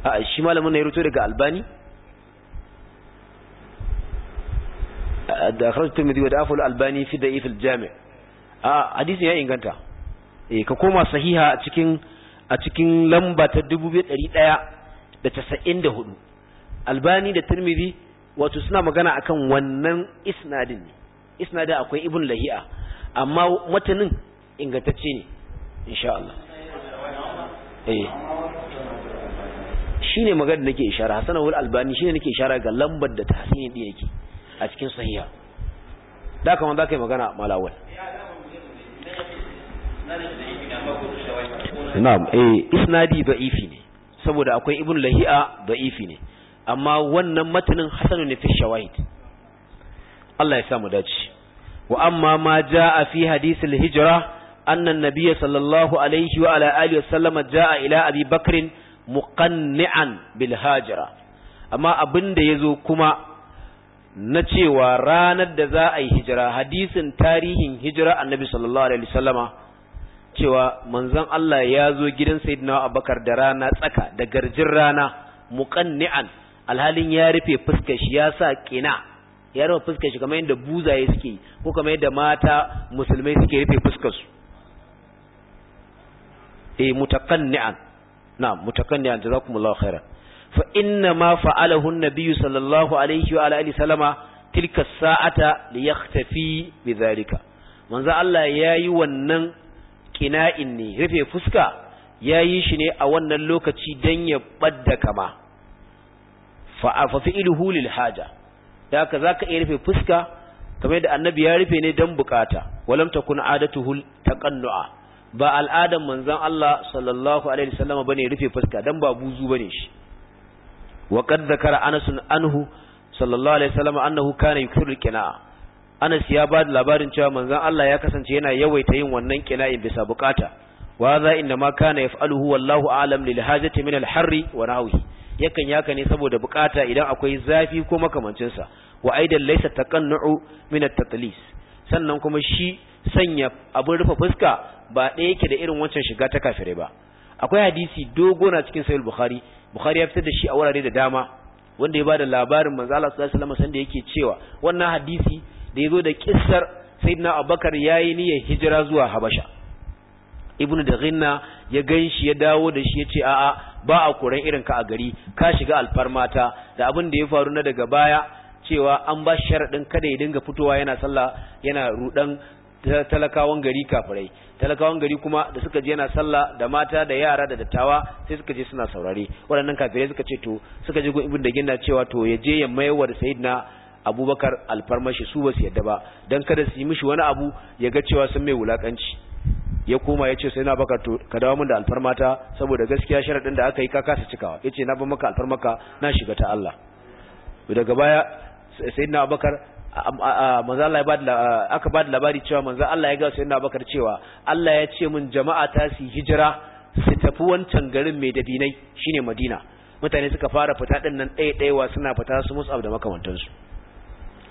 [SPEAKER 1] a shi malamin na ya rubuto daga albani da akhrajtu tirmidhi wa da'afu albani fi da'if al-jami' a hadisin ya inganta eh ka koma sahiha a cikin a cikin lamba ta 1194 albani da tirmidhi wato suna magana akan wannan isnadin ne isnadin akwai ibn lahi'a amma matanin ingantacce ne insha Allah eh shine magana da nake ishara Hassan al-Albani shine nake ishara ga lambar da tahsin din yake a cikin sahiha da kaman zaka yi magana malawal na'am eh isnadi da'ifi ne saboda akwai ibn lahi'a da'ifi ne amma wannan matanin hasanun ne fi shawahid Allah ya sa mu dace wa amma ma jaa fi hadisil hijra anna an-nabiy sallallahu alaihi wa ala alihi wasallama jaa ila abi bakrin muqanni'an bil hajira amma abin da yazo kuma na cewa ranar da za a yi hijira hadisin tarihin hijira annabi sallallahu alaihi wasallama cewa manzon Allah ya zo gidan sayyidina Abubakar da rana tsaka da garjin rana muqanni'an alhalin ya rufe fuskar shi ya sa kina ya rufe fuskar shi kamar yadda buzaye suke ko kamar yadda mata musulmai suke rufe fuskar su eh mutaqanni'an na'am mutakanniya jazakumullahu khairan fa inna ma fa'alahu an-nabiyyu sallallahu alaihi wa alihi sallama tilka sa'ata li yakhtafi bidhalika manzo Allah yayi wannan kina'in ne rufe fuska yayi shi ne a wannan lokaci dan ya badda kama fa fa fi'luhu lil haja da haka zaka iya rufe fuska kamar da annabi ya rufe ne dan bukata walam takun adatuhu taqannu'a ba al'adan manzon Allah sallallahu alaihi wasallama bane rufe fuska dan ba buzu bane shi wa qad zakara Anas anhu sallallahu alaihi wasallama annahu kana yukiru Anas ya ba da labarin cewa manzon Allah ya kasance yana yawaita yin wannan kina'i bisa bukata wa za inda ma kana yaf'aluhu wallahu a'lam lil hajati min al-harri wa nahwihi yakan yaka ne saboda bukata idan akwai zafi ko makamancin sa wa aidan laysa taqannu'u min at-tatlis sannan kuma shi sanya abin rufe fuska ba ɗaya yake da irin wancan shiga ta kafire ba akwai hadisi dogo na cikin sahih bukhari bukhari ya fitar da shi a wurare da dama wanda ya bada labarin manzo Allah sallallahu alaihi wasallam sanda yake cewa wannan hadisi da yazo da kissar sayyidina abubakar yayi niyyar hijira zuwa habasha ibnu da ya ganshi ya dawo da shi yace a'a ba a koran irin ka a gari ka shiga alfarmata da abin da ya faru na daga baya cewa an ba sharadin kada ya dinga fitowa yana sallah yana rudan talakawan gari kafirai talakawan gari kuma da suka je yana sallah da mata da yara da dattawa sai suka je suna saurare waɗannan kafirai suka ce to suka je gun ibn da ginda cewa to ya je ya mayar da sayyidina abubakar alfarmashi su ba su yadda ba don kada su yi mishi wani abu ya ga cewa sun mai wulakanci ya koma ya ce sai na baka to ka dawo min da alfarmata saboda gaskiya sharadin da aka yi ka kasa cikawa yace na ba maka alfarmaka na shiga ta Allah daga baya sayyidina abubakar manzo Allah ya bada aka bada labari cewa manzan Allah ya ga yana bakar cewa Allah ya ce min jama'a ta su hijira su tafi wancan garin mai dabinai shine Madina mutane suka fara fita ɗin nan ɗaya ɗaya suna fita su musab da makamantansu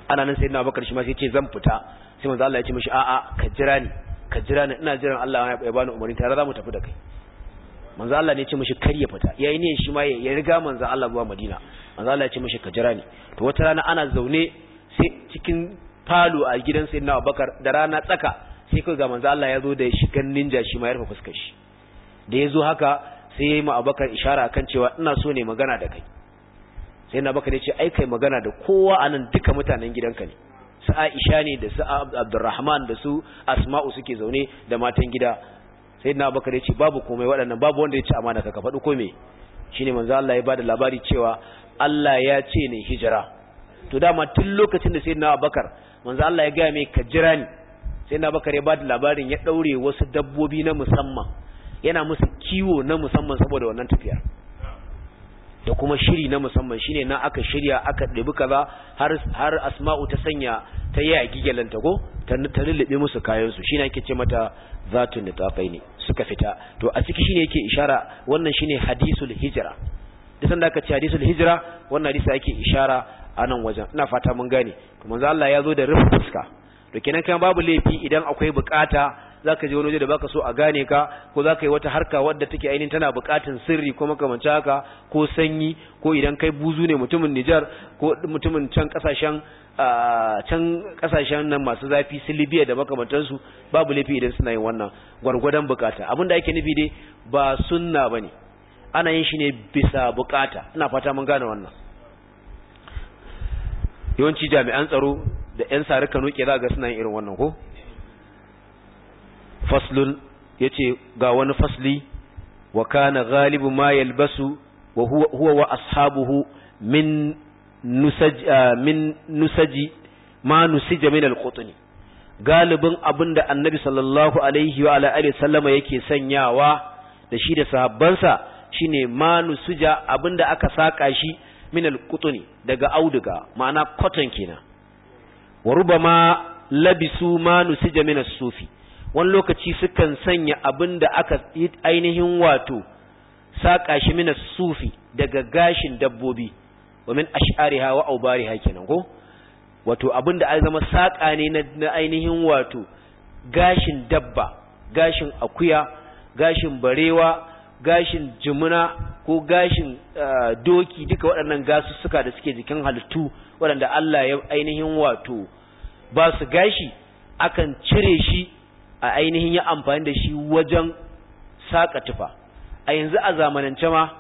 [SPEAKER 1] ana nan sai yana bakar shi ma sai ce zan fita sai manzan Allah ya ce mishi a'a ka jira ni ka jira ni ina jiran Allah ya bani umarni tare za mu tafi da kai manzan Allah ne ya ce mashi kar ya fita yayi ne shi ma ya riga manzan Allah zuwa Madina manzan Allah ya ce mashi ka jira ni to wata rana ana zaune sai cikin falo a gidan sayyidina Abubakar da rana tsaka sai kai ga manzo Allah ya zo da shigan ninja shi ma ya rufe fuskar shi da ya zo haka sai ya ma Abubakar ishara kan cewa ina so ne magana da kai sai na ya ce ai kai magana da kowa anan duka mutanen gidanka ne su Aisha ne da su Abdurrahman da su Asma'u suke zaune da matan gida sai na ya ce babu komai waɗannan babu wanda ya ci amana ka faɗi komai shine manzo Allah ya bada labari cewa Allah ya ce ne hijira to dama tun lokacin da sai na Abakar, manzo Allah ya gaya mai ka jira ni na Abakar ya ba da labarin ya daure wasu dabbobi na musamman yana musu kiwo na musamman saboda wannan tafiyar da kuma shiri na musamman shine na aka shirya aka ɗebi kaza har har asma'u ta sanya ta yi a gigelan ta go ta lullube musu kayan su shine yake ce mata zatun litafai ne suka fita to a ciki shine yake ishara wannan shine hadisul hijra da sanda aka ce hadisul hijra wannan hadisi yake ishara a nan wajen ina fata mun gane to manzo Allah ya zo da rufe fuska to kenan kan babu laifi idan akwai bukata zaka je wani waje da baka so a gane ka ko zaka yi wata harka wadda take ainihin tana bukatun sirri ko makamanci haka ko sanyi ko idan kai buzu ne mutumin Nijar ko mutumin can kasashen can kasashen nan masu zafi su Libya da makamantansu babu laifi idan suna yin wannan gwargwadon bukata abin da ake nufi dai ba sunna bane ana yin shi ne bisa bukata ina fata mun gane wannan yawanci jami'an tsaro da 'yan sari kano ke za ga suna yin irin wannan ko faslun ya ce ga wani fasli wa kana galibu ma yalbasu wa huwa wa ashabuhu min nusaji min nusaji ma nusija min alqutni galibin abinda annabi sallallahu alaihi wa ala alihi sallama yake sanyawa da shi da sahabbansa shine ma abin abinda aka saka shi minal alqutni daga auduga ma'ana cotton kenan wa rubama labisu ma nusija min sufi wani lokaci sukan sanya abin da aka ainihin wato saƙa shi min sufi daga gashin dabbobi wa ash'ariha wa aubariha kenan ko wato abin da zama saƙa ne na ainihin wato gashin dabba gashin akuya gashin barewa gashin jimuna ko gashin ah, doki duka waɗannan gasussuka da suke jikin halittu waɗanda Allah ya ainihin wato ba su gashi akan cire shi a ainihin ya amfani da shi wajen saƙa tufa a yanzu a zamanance ma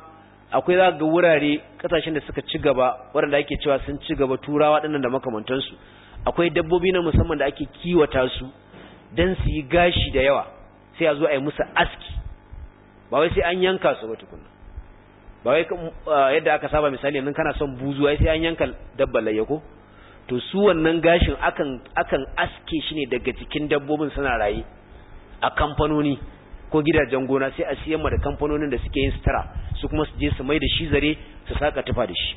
[SPEAKER 1] akwai za ga wurare ƙasashen da suka ci gaba waɗanda ake cewa sun ci gaba turawa ɗinnan da makamantansu akwai dabbobi na musamman da ake kiwata su don su yi gashi da yawa sai a zo a yi musu aski ba wai sai an yanka su ba tukuna ba wai yadda aka saba misali nan kana son buzuwa ai sai an yanka dabba layya ko to su wannan gashin akan akan aske shi ne daga cikin dabbobin suna raye a kamfanoni ko gidajen gona sai a siyan ma da kamfanonin da suke yin sutura su kuma su je su mai da shi zare su saka tufa da shi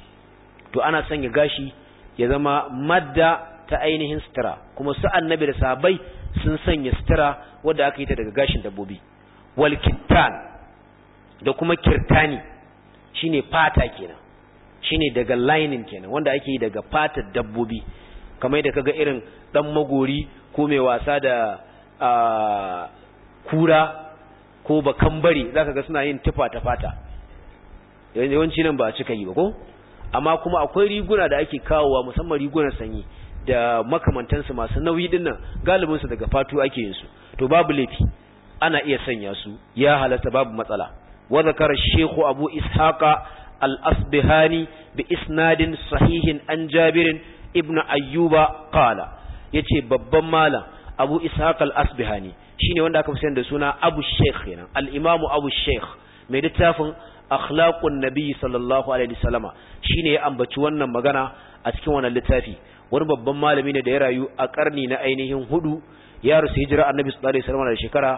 [SPEAKER 1] to ana sanya gashi ya zama madda ta ainihin sutura kuma su annabi da sahabbai sun sanya sutura wanda aka yi ta daga gashin dabbobi wal kittan da kuma kirtani shine fata kenan shine daga lining kenan wanda ake yi daga fatar dabbobi kamar da kaga irin dan magori ko mai wasa da kura ko bakan bari zaka ga suna yin tufa ta fata yawanci nan ba a cika yi ba ko amma kuma akwai riguna da ake kawowa musamman rigunan sanyi da makamantansu masu nauyi dinnan galibinsu daga fatu ake yin su to babu laifi ana iya sanya su ya halatta babu matsala wa zakara shehu abu ishaqa al-asbihani bi isnadin sahihin Anjabirin jabirin ibnu ayyuba qala yace babban malam abu ishaq al-asbihani shine wanda aka fi da suna abu sheikh kenan al abu sheikh mai littafin akhlaqun nabi sallallahu alaihi wasallama shine ya ambaci wannan magana a cikin wannan littafi wani babban malami ne da ya rayu a karni na ainihin hudu ya rusu hijira annabi sallallahu alaihi wasallama da shekara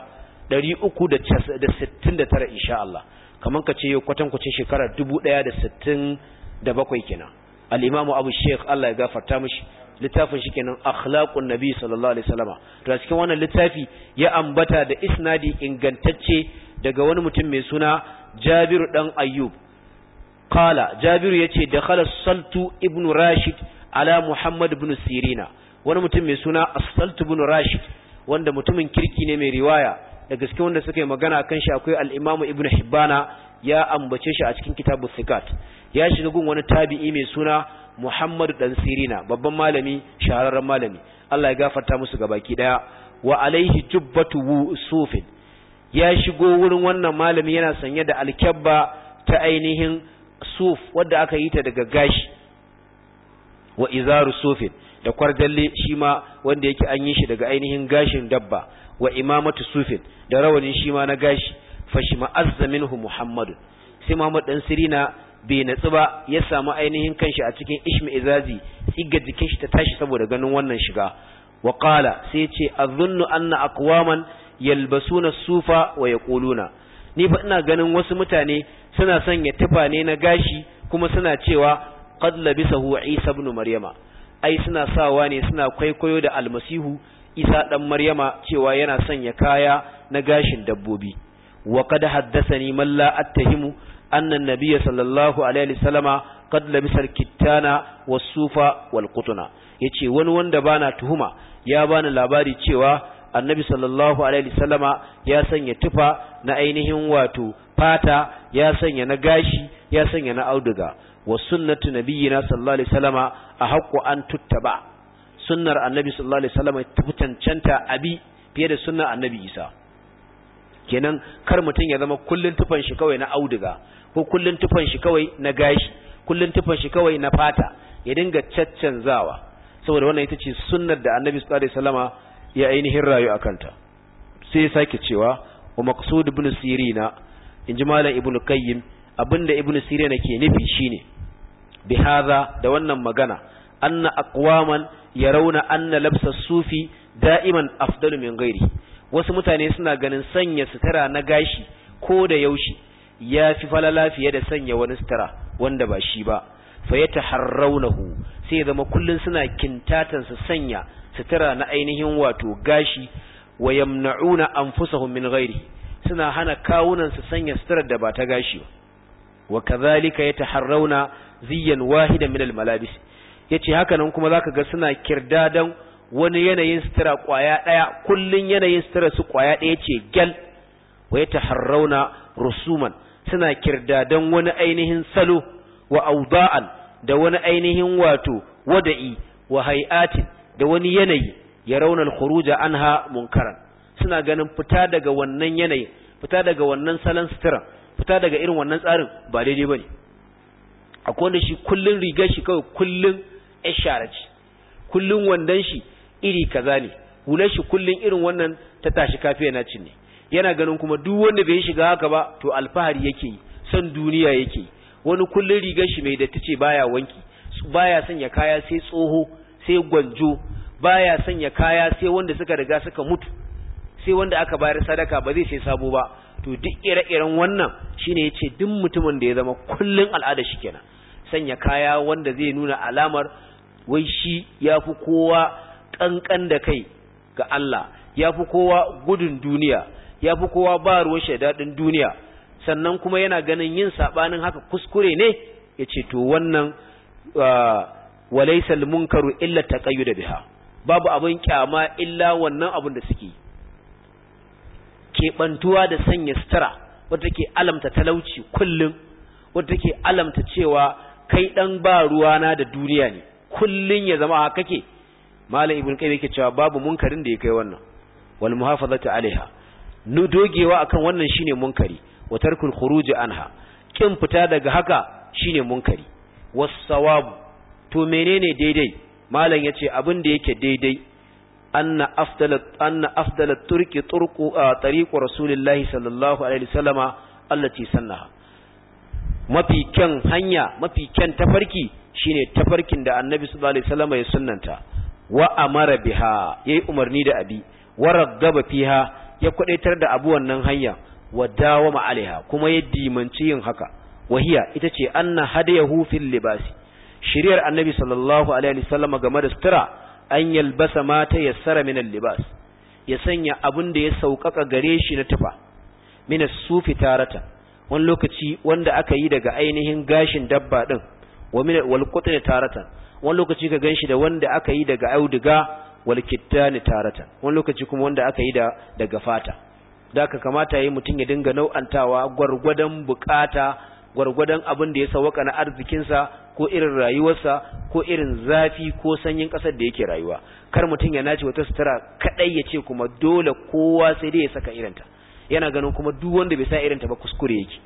[SPEAKER 1] 369 insha Allah kaman ka ce kwacin shekarar 1067 kenan al-imamu abu sheikh Allah ya gafarta mishi littafin shi kenan akhlaqun nabi sallallahu alaihi wasallama to cikin wannan littafi ya ambata da isnadi ingantacce daga wani mutum mai suna Jabiru dan Ayyub qala Jabiru yace dakhala saltu ibn Rashid ala Muhammad ibn Sirina wani mutum mai suna as-saltu ibn Rashid wanda mutumin kirki ne mai riwaya da gaske wanda suka yi magana kan shi akwai al Ibn Hibbana ya ambace shi a cikin kitabu Sikat ya shiga gun wani tabi'i mai suna Muhammadu dan Sirina babban malami shahararren malami Allah ya gafarta musu baki ɗaya. wa alaihi jubbatu sufin ya shigo wurin wannan malami yana sanye da alkyabba ta ainihin suf wadda aka yi ta daga gashi wa izaru sufin da kwardalle shi ma wanda yake an yi shi daga ainihin gashin dabba wa imamatu sufin da rawanin shi ma na gashi fashi ma'azza minhu muhammadu sai muhammad dan sirina bai natsu ba ya samu ainihin kanshi a cikin ishmi izazi jikin shi ta tashi saboda ganin wannan shiga wa qala sai ce azunnu anna aqwaman yalbasuna sufa wa yaquluna ni fa ina ganin wasu mutane suna sanya tufa ne na gashi kuma suna cewa qad labisahu isa ibn maryama ai suna sawa ne suna kwaikwayo da almasihu isa dan maryama cewa yana sanya kaya na gashin dabbobi wa qad haddathani man la attahimu anna an-nabiyya sallallahu alaihi wasallama qad labisa al-kittana was-sufa wal-qutna yace wani wanda bana tuhuma ya bani labari cewa annabi sallallahu alaihi wasallama ya sanya tufa na ainihin wato fata ya sanya na gashi ya sanya na auduga wa sunnatu nabiyyina sallallahu alaihi wasallama a haqqu an tuttaba sunnar annabi sallallahu alaihi wasallam ta fi cancanta abi fiye da sunnar annabi isa kenan kar mutum ya zama kullun tufan shi kawai na auduga ko kullun tufan shi kawai na gashi kullun tufan shi kawai na fata ya dinga caccanzawa saboda wannan ita ce sunnar da annabi sallallahu alaihi wasallama ya ainihin rayu a kanta sai ya sake cewa wa maqsud ibn sirina in ji malam ibn qayyim abinda ibn sirina ke nufi shine bi hadha da wannan magana anna aqwaman yarauna anna labsa sufi da'iman afdalu min ghairi wasu mutane suna ganin sanya sutura na gashi ko da yaushe ya fi falala fiye da sanya wani sutura wanda ba shi ba fa yataharrawnahu sai zama kullun suna kintatan su sanya sutura na ainihin wato gashi wa yamna'una anfusahum min ghairi suna hana kawunan su sanya sutura da ba ta gashi wa kadhalika yataharrawna ziyan wahida min al yace haka nan kuma za ka ga suna kirdadan wani yanayin sutura kwaya ɗaya kullun yanayin sutura su kwaya ɗaya ce gyal wa harrauna rusuman suna kirdadan wani ainihin salo wa auda'an da wani ainihin wato wada'i wa hay'atin da wani yanayi ya raunar khuruja anha munkaran suna ganin fita daga wannan yanayi fita daga wannan salon sutura fita daga irin wannan tsarin ba daidai bane akwai wanda shi kullun rigar shi kawai kullun 'yan kullun wandan wandon shi iri kaza ne hular shi kullun irin wannan ta tashi kafiya na cin ne yana ganin kuma duk wanda bai shiga haka ba to alfahari yake yi son duniya yake wani kullum rigar shi mai datti ce baya wanki baya sanya kaya sai tsoho sai gwanjo baya sanya kaya sai wanda suka riga suka mutu sai wanda aka bayar sadaka ba zai sai sabo ba to duk ire-iren wannan shine yace duk mutumin da ya zama kullun al'ada shi kenan sanya kaya wanda zai nuna alamar wai shi ya fi kowa ƙanƙan da kai ga Allah ya fi kowa gudun duniya ya fi kowa ba ruwan shaidaɗin duniya sannan kuma yana ganin yin saɓanin haka kuskure ne ya ce to wannan ah, walaisal munkaru illa taƙayyu da biha babu abin kyama illa wannan abin da suke keɓantuwa da sanya sutura wata take alamta talauci kullum wata take alamta cewa kai ɗan ba ruwana da duniya ne kullun ya zama haka kake malam ibn qayyim yake cewa babu munkarin da ya kai wannan wal muhafazatu alaiha nu dogewa akan wannan shine munkari wa tarkul khuruj anha kin fita daga haka shine munkari was sawab to menene daidai malam yace abin da yake daidai anna afdal anna afdal turqi turqu tariqu rasulillahi sallallahu alaihi wasallama allati sannaha mafi kyan hanya mafi kyan tafarki shine tafarkin da annabi sallallahu alaihi wasallam ya sunnanta wa amara biha yayi umarni da abi wa raggaba fiha ya kudaitar da abu wannan hanya wa dawama alaiha kuma ya dimanci yin haka wahiya ita ce anna hadayahu fil libasi shiriyar annabi sallallahu alaihi wasallam game da sutura an yalbasa mata yassara min al-libas ya sanya abin da ya sauƙaƙa gare shi na tufa min as-sufi tarata wani lokaci wanda aka yi daga ainihin gashin dabba din wal qutni taratan wani lokaci ka ganshi da wanda aka yi daga auduga wal kittani taratan wani lokaci kuma wanda aka yi daga fata da ka kamata yi mutum ya dinga nau'antawa gwargwadon bukata gwargwadon abin da ya sawaka na arzikinsa ko irin rayuwarsa ko irin zafi ko sanyin kasar da yake rayuwa kar mutum ya nace wata sutura kadai ya ce kuma dole kowa sai dai ya saka irinta yana ganin kuma duk wanda bai sa irinta ba kuskure yake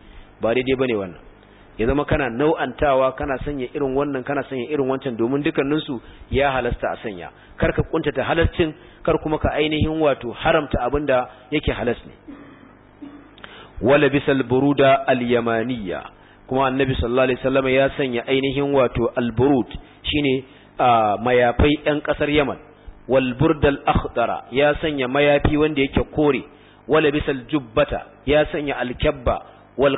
[SPEAKER 1] ba daidai bane wannan ya zama kana nau'antawa kana sanya irin wannan kana sanya irin wancan domin dukkaninsu ya halasta a sanya kar ka kuntata halascin kar kuma ka ainihin wato haramta abin da yake halas ne wala bisal buruda al yamaniya kuma annabi sallallahu alaihi wasallam ya sanya ainihin wato al-burud shine mayafai ɗan ƙasar Yaman wal burdal akhdara ya sanya mayafi wanda yake kore wala bisal jubbata ya sanya al-kabba wal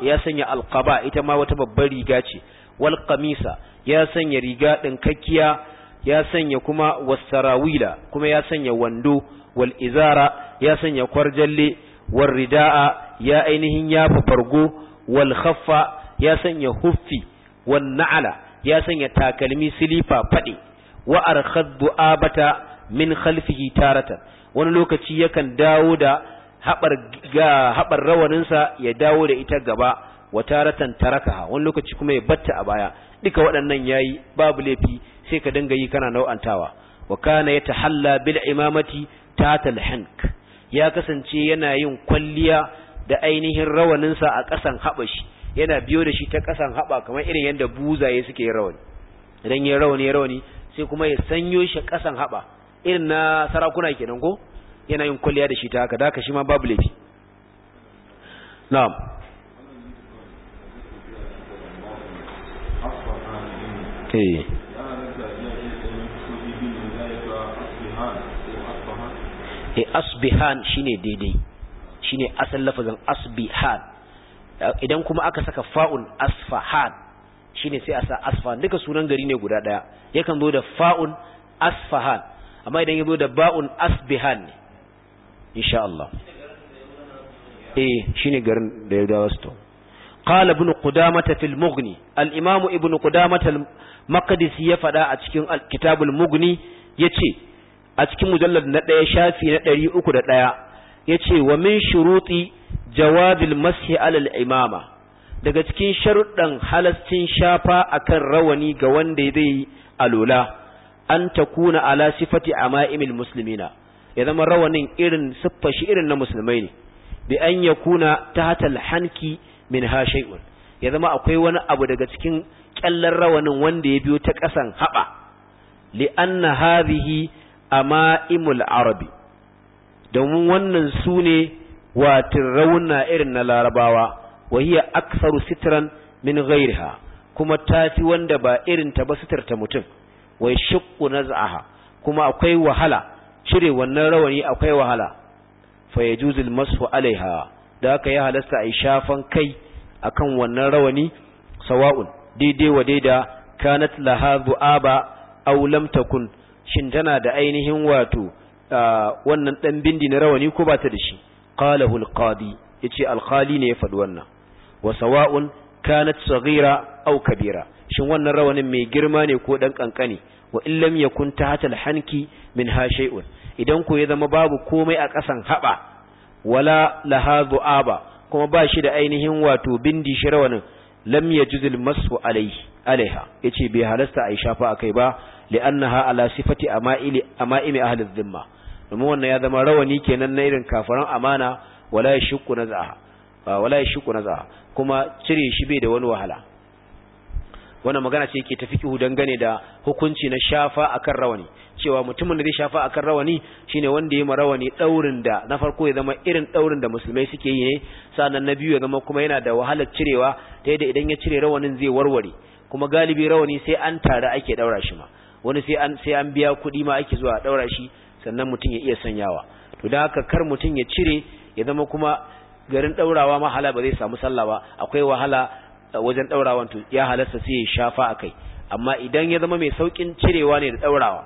[SPEAKER 1] ya sanya al ita ma wata babbar riga ce wal ya sanya riga dinkakkiya ya sanya kuma wasarawila kuma ya sanya wando wal izara ya sanya kwarjalle warridaa ridaa ya ainihin yafa fargo wal ya sanya huffi wal na'ala ya sanya takalmi silifa faɗi wa'ar arkhad du'abata min khalfihi taratan wani lokaci yakan dawo da haɓar rawaninsa ya dawo da ita gaba wa taratan tarakaha wani lokaci kuma ya batta a baya duka waɗannan yayi babu laifi sai ka dinga yi kana nau'antawa wa kana halla bil imamati ta al ya kasance yana yin kwalliya da ainihin rawaninsa a ƙasan haɓashi yana biyo da shi ta ƙasan haɓa kamar irin yadda buzaye suke yin rawani idan yin rawani rawani sai kuma ya sanyo shi ƙasan haɓa irin na sarakuna kenan ko yana yin kwalliya da shi ta haka da haka shi ma babu laifi na'am e asbihan shine daidai shine asal lafazin asbihan idan kuma aka saka fa'un asfahan shine sai a sa asfahan duka sunan gari ne guda daya yakan zo da fa'un asfahan amma idan ya zo da ba'un asbihan ne insha Allah eh shine garin da ya dawo su قال ابن قدامة في المغني الإمام ابن قدامة ya يفدا a cikin kitab al-mughni yace a cikin mujallad na ɗaya shafi na 301 yace wa min shuruti jawabil mashi alal imama daga cikin sharuɗan halascin shafa akan rawani ga wanda zai yi alula an takuna ala sifati ama'imil muslimina ya zama rawanin irin siffar shi irin na musulmai ne bi an yakuna tahtal hanki min ha ya zama akwai wani abu daga cikin kyallar rawanin wanda ya biyo ta ƙasan haba li anna a ama'imul arabi domin wannan sune watin rauna irin na larabawa wa hiya aktharu sitran min ghayriha kuma tafi wanda ba irin ta ba sitarta mutum wai shaqqu naz'aha kuma akwai wahala cire wannan rawani akwai wahala fa yajuzul alaiha da haka ya halasta a shafan kai akan wannan rawani sawa'un daidai wa daida kanat laha du'aba aw lam takun shin tana da ainihin wato wannan dan bindi na rawani ko ba ta da shi qalahu alqadi yace alqali ne ya faɗi wannan wa sawa'un kanat saghira aw kabira shin wannan rawanin mai girma ne ko dan kankani wa in lam yakun tahta al-hanki min ha shay'un idan ko ya zama babu komai a ƙasan haba wala laha du'aba kuma ba shi da ainihin wato bindi shirawanin lam yajuz masu alayhi alaiha yace bai halasta ai shafa akai ba li'annaha ala sifati ama'ili ama'imi ahli dhimma domin wannan ya zama rawani kenan na irin kafaran amana wala yashqu nazaha wala kuma cire shi bai da wani wahala wannan magana ce yake tafi kihu dangane da hukunci na shafa akan rawani cewa mutumin da zai shafa akan rawani shine wanda ya rawani daurin da na farko ya zama irin daurin da musulmai suke yi ne sannan na biyu ya zama kuma yana da wahalar cirewa ta yadda idan ya cire rawanin zai warware kuma galibi rawani sai an tare ake daura shi ma wani sai an sai an biya kuɗi ma ake zuwa daura shi sannan mutum ya iya sanyawa to da haka kar mutum ya cire ya zama kuma garin daurawa ma hala ba zai samu sallah ba akwai wahala wajen ɗaurawa to ya halasta sai ya shafa a kai amma idan ya zama mai saukin cirewa ne da daurawa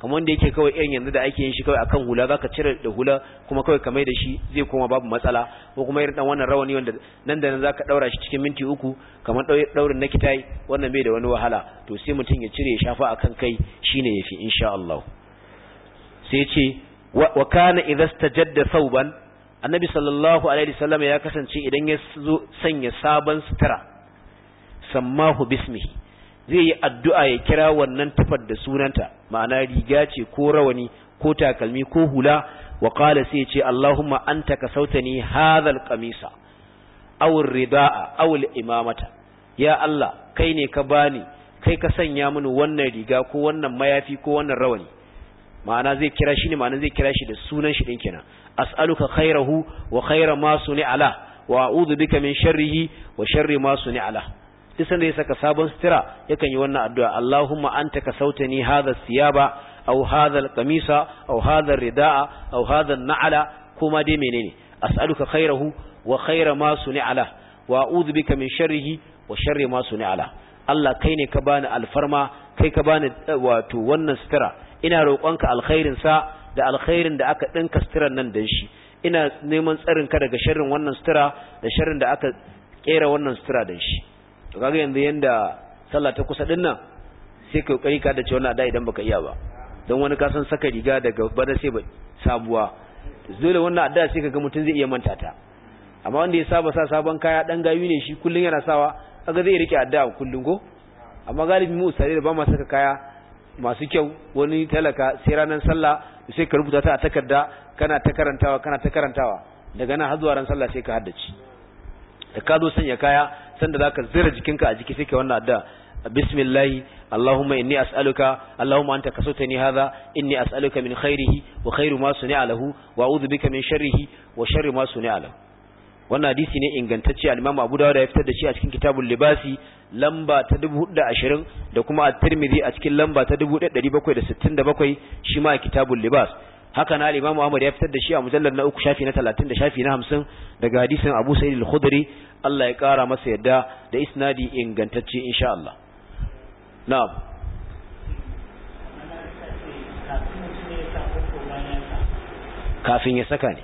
[SPEAKER 1] kamar wanda yake kawai irin yanzu da ake yin shi kawai akan hula zaka cire da hula kuma kawai kamar da shi zai koma babu matsala ko kuma irin dan wannan rawani wanda nan da nan zaka daura shi cikin minti uku kamar daurin kitai wannan bai da wani wahala to sai mutum ya cire ya shafa akan kai shine yafi insha Allah sai ce wa kana idza stajadda thawban annabi sallallahu alaihi wasallam ya kasance idan ya sanya sabon sutura sammahu bismihi zai yi addu'a ya kira wannan tufar da sunanta ma'ana riga ce ko rawani ko takalmi ko hula wa sai ce Allahumma anta kasautani hadha alqamisa aw ridaa aw imamata ya Allah kai ne ka bani kai ka sanya mini wannan riga ko wannan mayafi ko wannan rawani ma'ana zai kira shi ne ma'ana zai kira shi da sunan shi din kenan as'aluka khairahu wa khaira ma suni ala wa a'udhu bika min sharrihi wa sharri ma suni ala duk sanda ya saka sabon sutura yakan yi wannan addu'a Allahumma anta ka ni hadha siyaba aw hadha alqamisa aw hadha ridaa aw hadha na'ala kuma dai menene as'aluka khairahu wa khaira ma suni'ala wa a'udhu bika min sharrihi wa sharri ma suni'ala Allah kai ne ka bani alfarma kai ka bani eh, wato wannan sutura ina roƙonka alkhairin sa da alkhairin da aka dinka suturan nan dan shi ina neman tsarin ka daga sharrin wannan sutura da sharrin da aka kera wannan sutura dan shi to kaga yanzu yanda sallah ta kusa dinnan sai kai kokari ka da wannan da idan baka iya ba don wani kasan saka riga daga bada sai ba sabuwa dole wannan adai sai ga mutun zai iya manta ta amma wanda ya saba sa sabon kaya dan gayu ne shi kullun yana sawa kaga zai rike adda kullun go amma galibi mu sai da ba ma saka kaya masu kyau wani talaka sai ranar sallah sai ka rubuta ta a takarda kana ta karantawa kana ta karantawa daga nan har zuwa ran sallah sai ka haddace da ka zo sanya kaya sanda zaka zira jikinka a jiki sai kai wannan addu'a bismillah allahumma inni as'aluka allahumma anta kasutani hadha inni as'aluka min khairihi wa khairu ma suni'a lahu wa a'udhu bika min sharrihi wa sharri ma suni'a lahu wannan hadisi ne ingantacce al-Imam Abu Dawud ya fitar da shi a cikin Kitabul Libasi lamba ta 420 da kuma At-Tirmidhi a cikin lamba ta 1767 shi ma Kitabul Libas haka na Imam Ahmad ya fitar da shi a mujallal na uku shafi na 30 da shafi na 50 daga hadisin Abu Sa'id al-Khudri Allah ya kara masa yadda da isnadi ingantacce insha Allah na'am kafin ya saka ne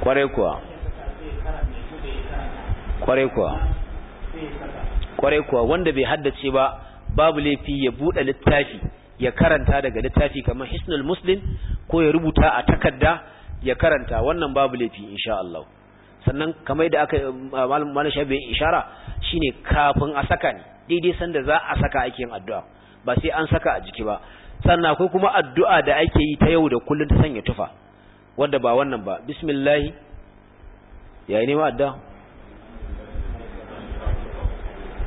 [SPEAKER 1] kwarai kuwa kwarai kuwa kwarai kuwa wanda bai haddace ba babu laifi ya buɗe littafi ya karanta daga littafi kamar hisnul muslim ko ya rubuta a takarda ya karanta wannan babu laifi insha Allah sannan kamar da aka malam shafi ishara shine kafin a saka ne daidai sanda za a saka ake yin addu'a ba sai an saka a jiki ba sannan akwai kuma addu'a da ake yi ta yau da kullum ta sanya tufa wanda ba wannan ba bismillah yayi ne ma addu'a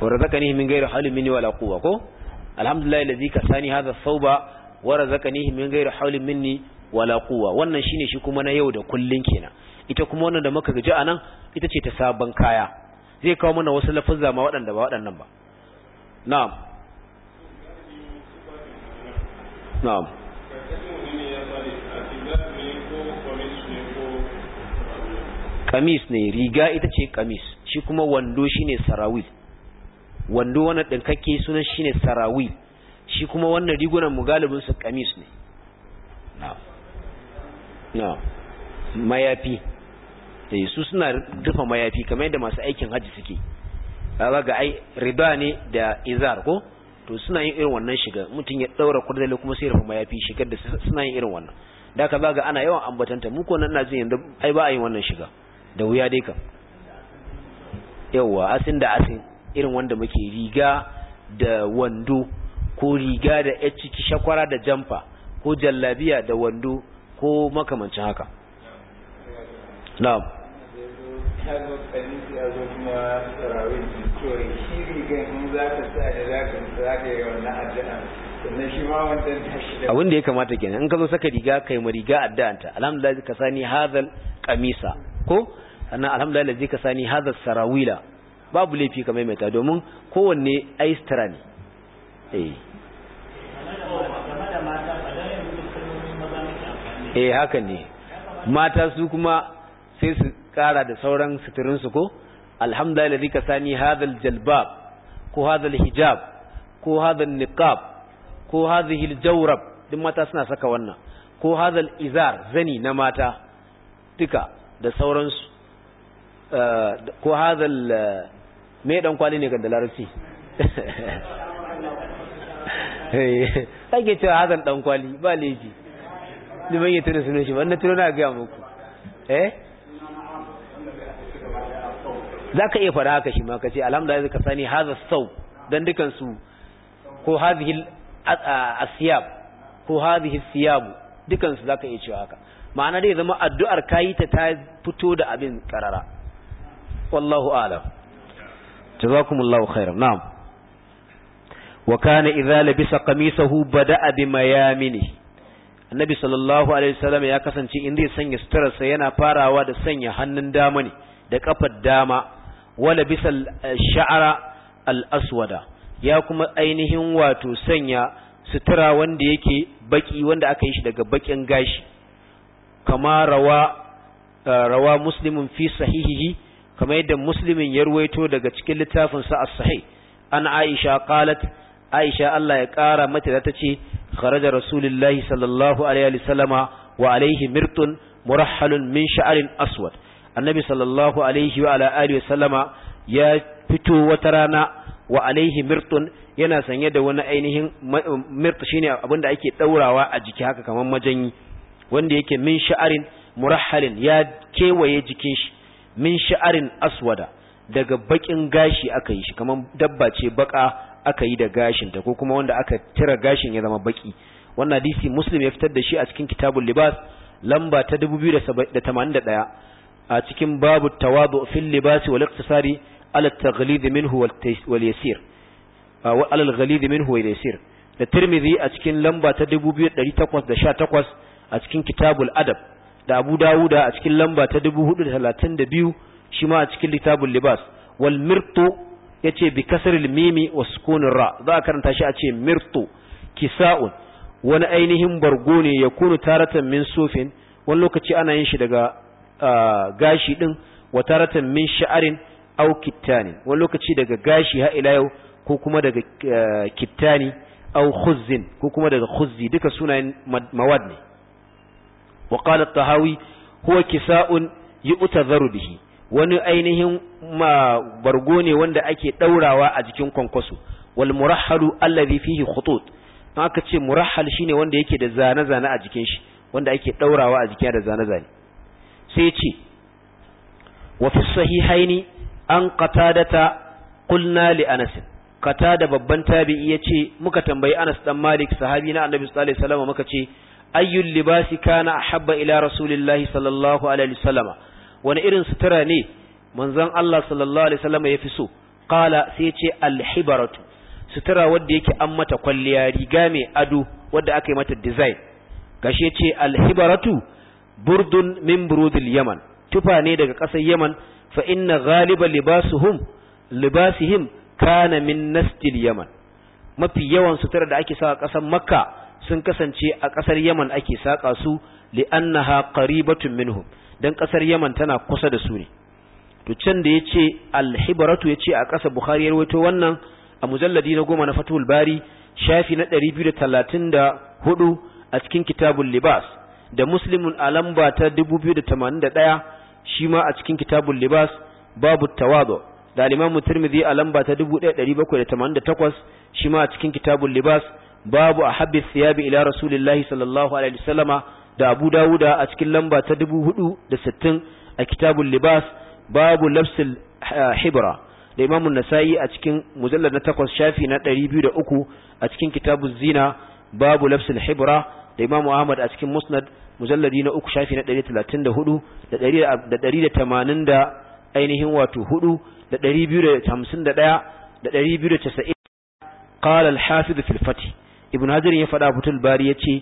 [SPEAKER 1] wa من غير حول مني ولا wala كو ko لله الذي كساني هذا الصوب wa من min حول مني ولا wala wannan shine shi kuma na yau da kullun kenan ita kuma wannan da muka gaji anan ita ce ta sabon kaya zai kawo mana wasu lafazza ma waɗanda ba waɗannan ba na'am na'am kamis ne riga ita ce kamis shi kuma wando shine sarawis. wando wannan ɗinkakke sunan shi ne sarawi shi kuma wannan rigunan mu galibin su kamis ne na mayafi da eh, su suna dafa mayafi kamar yadda masu aikin hajji suke ba ga ai riba ne da izar ko to suna yin irin wannan shiga mutum ya daura kurdale kuma sai ya rufe mayafi shigar da suna yin irin wannan da ka ba ga ana yawan ambatanta mu ko nan na jin ai ba a yin wannan shiga da wuya dai ka yawwa asin da asin irin wanda muke riga da wando ko riga da ya ciki shakwara da jamfa ko jallabiya da wando ko makamancin haka na'am abin da ya kamata kenan in ka zo saka riga kai ma riga addanta alhamdulillah ka sani hadal kamisa ko sannan alhamdulillah zai ka sani hadal sarawila babu laifi ka maimaita domin kowanne aistara ne eh. eh haka ne mata su kuma sai su kara da sauran suturinsu ko alhamdulillah zika sani hadal jalbab ko hadal hijab ko hadal niqab ko hadhihi aljawrab din mata suna saka wannan ko hadal izar zani na mata duka da sauransu eh, ko hadal eh, me dan kwali ne ga da larabci ake cewa hazan dan kwali ba leji liman yi tuna sunan shi ba na tuna na gaya muku eh za ka iya fara haka shi ma ka ce alhamdulillah ka sani haza sau don dukansu ko hazihi asiyab ko hazihi siyabu dukansu za ka iya cewa haka ma'ana dai zama addu'ar kayi ta ta fito da abin karara wallahu alam jazakumullahu khairan na'am wa kana idza labisa qamisahu bada'a bimayamini annabi sallallahu alaihi wasallam ya kasance in zai sanya suturarsa yana farawa da sanya hannun dama ne da ƙafar dama wala bisal sha'ara al-aswada ya kuma ainihin wato sanya sutura wanda yake baƙi wanda aka yi shi daga bakin gashi kama rawa rawa muslimun fi sahihihi kamar yadda musulmin ya ruwaito daga cikin littafin sa as-sahih an aisha qalat aisha Allah ya kara mata da tace kharaja rasulullahi sallallahu alaihi wasallama wa alaihi mirtun murahhalun min sha'rin aswad annabi sallallahu alaihi wa ala ya fito wata rana wa alaihi mirtun yana sanye da wani ainihin mirt shine abinda ake daurawa a jiki haka kamar majanyi wanda yake min sha'arin murahhalin ya kewaye jikin shi min sha'arin aswada daga bakin gashi aka yi shi kamar dabba ce baka aka yi da gashinta ko kuma wanda aka tira gashin ya zama baki wannan hadisi muslim ya fitar da shi a cikin kitabul libas lamba ta 2081 a cikin babu tawadu fil libas wal iktisari ala taghlid minhu wal yasir wa ala al ghalid minhu wal yasir da tirmidhi a cikin lamba ta 2818 a cikin kitabul adab da Abu Dawuda a cikin lamba ta 432 shi ma a cikin litabul libas wal mirtu yace bi kasril mimi wa sukunir ra za karanta shi a ce mirtu kisa'un wani ainihin bargo ne ya kunu taratan min sufin wani lokaci ana yin shi daga gashi din wa taratan min sha'arin aw kittani wani lokaci daga gashi ha ila yau ko kuma daga kittani aw khuzzin ko kuma daga khuzzi duka sunayen mawad ne wa qala tahawi huwa kisa'un yu'tadharu bihi wani ainihin ma bargo ne wanda ake ɗaurawa a jikin kwankwaso wal murahhalu alladhi fihi khutut don aka ce murahhal shine wanda yake da zane-zane a jikin shi wanda ake ɗaurawa a jikin da zane-zane sai ya ce wa fi sahihaini an qatadata qulna li anas qatada babban tabi'i yace muka tambayi Anas dan Malik sahabi na Annabi sallallahu alaihi wasallam muka ce ayyul libasi kana ahabba ila rasulillahi sallallahu alaihi wasallama wani irin sutura ne manzon Allah sallallahu alaihi ya fi so qala sai ya ce alhibaratu sutura wanda yake an mata kwalliya riga mai ado wadda aka yi mata design gashi ya ce alhibaratu burdun min burudil yaman tufa ne daga ƙasar yaman fa inna ghaliba libasuhum libasihim kana min nastil yaman mafi yawan sutura da ake sa a ƙasar makka sun kasance a ƙasar Yaman ake saƙa su li'annaha qaribatun minhum dan ƙasar Yaman tana kusa da su ne to can da yace al-hibratu yace a ƙasa Bukhari ya rawaito wannan a mujalladi na goma na Fathul Bari shafi na 234 a cikin kitabul libas da muslimun a lamba ta 2081 shi ma a cikin kitabul libas babu tawadu da al-imam Tirmidhi a lamba ta 1788 shi ma a cikin kitabul libas babu a habbi siyabi ila rasulillahi sallallahu alaihi wasallama da abu dawuda a cikin lamba ta dubu hudu da sittin a kitabun libas babu lafsil eh, hibra da imamun nasa'i a cikin mujallar na takwas shafi na ɗari biyu da uku a cikin kitabul zina babu lafsil hibra da imamu ahmad a cikin musnad mujalladi na uku shafi na ɗari talatin da hudu da ɗari da da tamanin ainihin wato hudu da ɗari biyu da hamsin da da da ɗaya ɗari biyu casa'in. قال الحافظ في الفتح ibn hajar ya faɗa fitul bari ya ce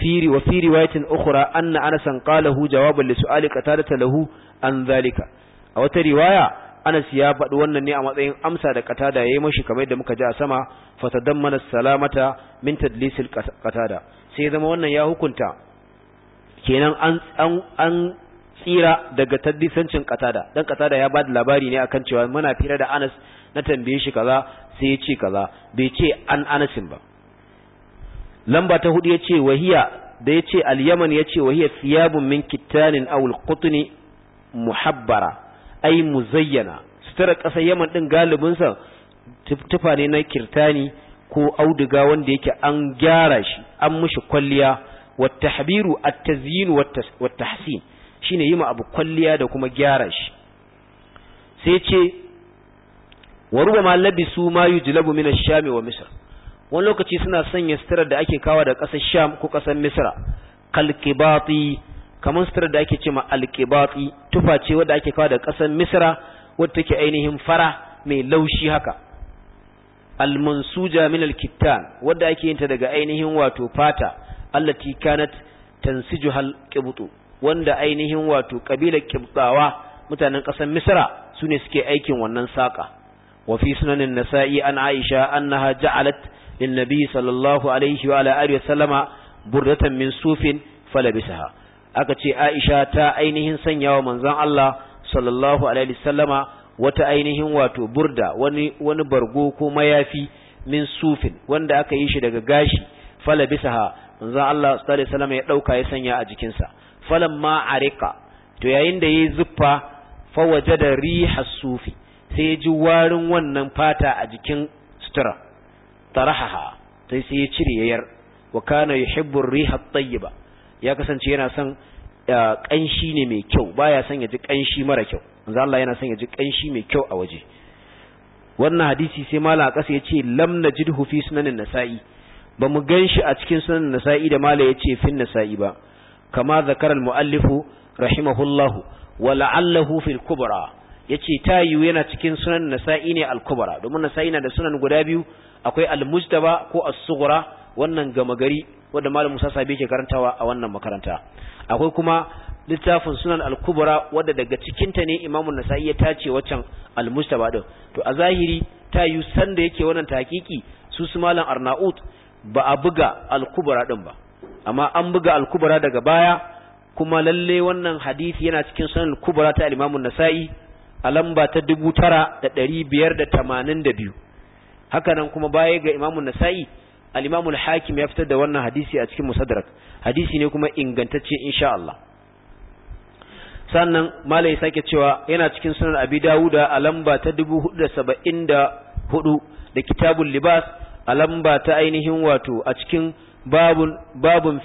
[SPEAKER 1] firi wa firi riwayatin ukhra anna anasan qalahu jawaban li su'ali qatadata lahu an zalika a wata riwaya anas ya faɗi wannan ne a matsayin amsa da qatada yayi mashi kamar da muka ji a sama fatadammana salamata min tadlisil qatada sai zama wannan ya hukunta kenan an an, an tsira daga tadlisancin qatada dan qatada ya bada labari ne akan cewa muna fira da anas na tambaye shi kaza sai ya ce kaza bai ce an anasin ba lamba ta hudu yace wahiya da yace al-yaman yace wahiya thiyabun min kittanin aw al-qutni muhabbara ay muzayyana sutura kasar yaman din galibin sa tufa ne na kirtani ko auduga wanda yake an gyara shi an mushi kwalliya wa tahbiru at-tazyin wa tahsin shine yima abu kwalliya da kuma gyara shi sai ce wa rubama labisu ma yujlabu min ash-sham wa misr wani lokaci suna sanya sitirar da ake kawo da ƙasar sham ko ƙasar misra kalkibati kamar sitirar da ake ce ma alkibati tufa ce wadda ake kawo da ƙasar misra wadda take ainihin fara mai laushi haka almansuja min alkittan wadda ake yin daga ainihin wato fata allati kanat hal kibtu wanda ainihin wato kabilar kibtawa mutanen ƙasar misra sune suke aikin wannan saƙa wa fi sunanin nasa'i an aisha annaha ja'alat للنبي صلى الله عليه وعلى آله وسلم بردة من صوف فلبسها akace Aisha ta ainihin sanyawa manzon Allah sallallahu alaihi wasallama wata ainihin wato burda wani wani bargo ko mayafi min sufin wanda aka yi shi daga gashi fala bisaha manzon Allah sallallahu alaihi wasallama ya ɗauka ya sanya a jikinsa falamma arika to yayin da yayi zuffa fa da riha sufi sai ya ji warin wannan fata a jikin sutura fastarahaha sai sai ya cire yayar wa kana yuhibbu ar-riha at-tayyiba ya kasance yana son kanshi ne mai kyau baya son ya ji kanshi mara kyau manzo Allah yana son ya ji kanshi mai kyau a waje wannan hadisi sai mala akasa yace lam najidhu fi sunanin nasa'i ba mu ganshi a cikin sunanin nasa'i da mala yace fin nasa'i ba kama zakara al-muallifu rahimahullahu wa la'allahu fil kubra yace tayu yana cikin sunan nasa'i ne al-kubra domin nasa'i na da sunan guda biyu akwai al-mujtaba ko as-sughra wannan gama gari wanda malam Musa Sabi yake karantawa a wannan makaranta akwai kuma littafin sunan al-kubra wanda daga cikin ta ne Imam nasai ya tace waccan al-mujtaba din to a zahiri ta yi san da yake wannan tahqiqi su su malam Arnaut ba a buga al-kubra din ba amma an buga al-kubra daga baya kuma lalle wannan hadisi yana cikin sunan al-kubra ta Imam nasai a lamba ta 9582 haka nan kuma baya ga imamun nasa'i al-imamul hakim ya fitar da wannan hadisi a cikin musaddarak hadisi ne kuma ingantacce insha Allah sannan malai sake cewa yana cikin sunan abi dawuda a lamba ta 474 da kitabun libas a lamba ta ainihin wato a cikin babun babun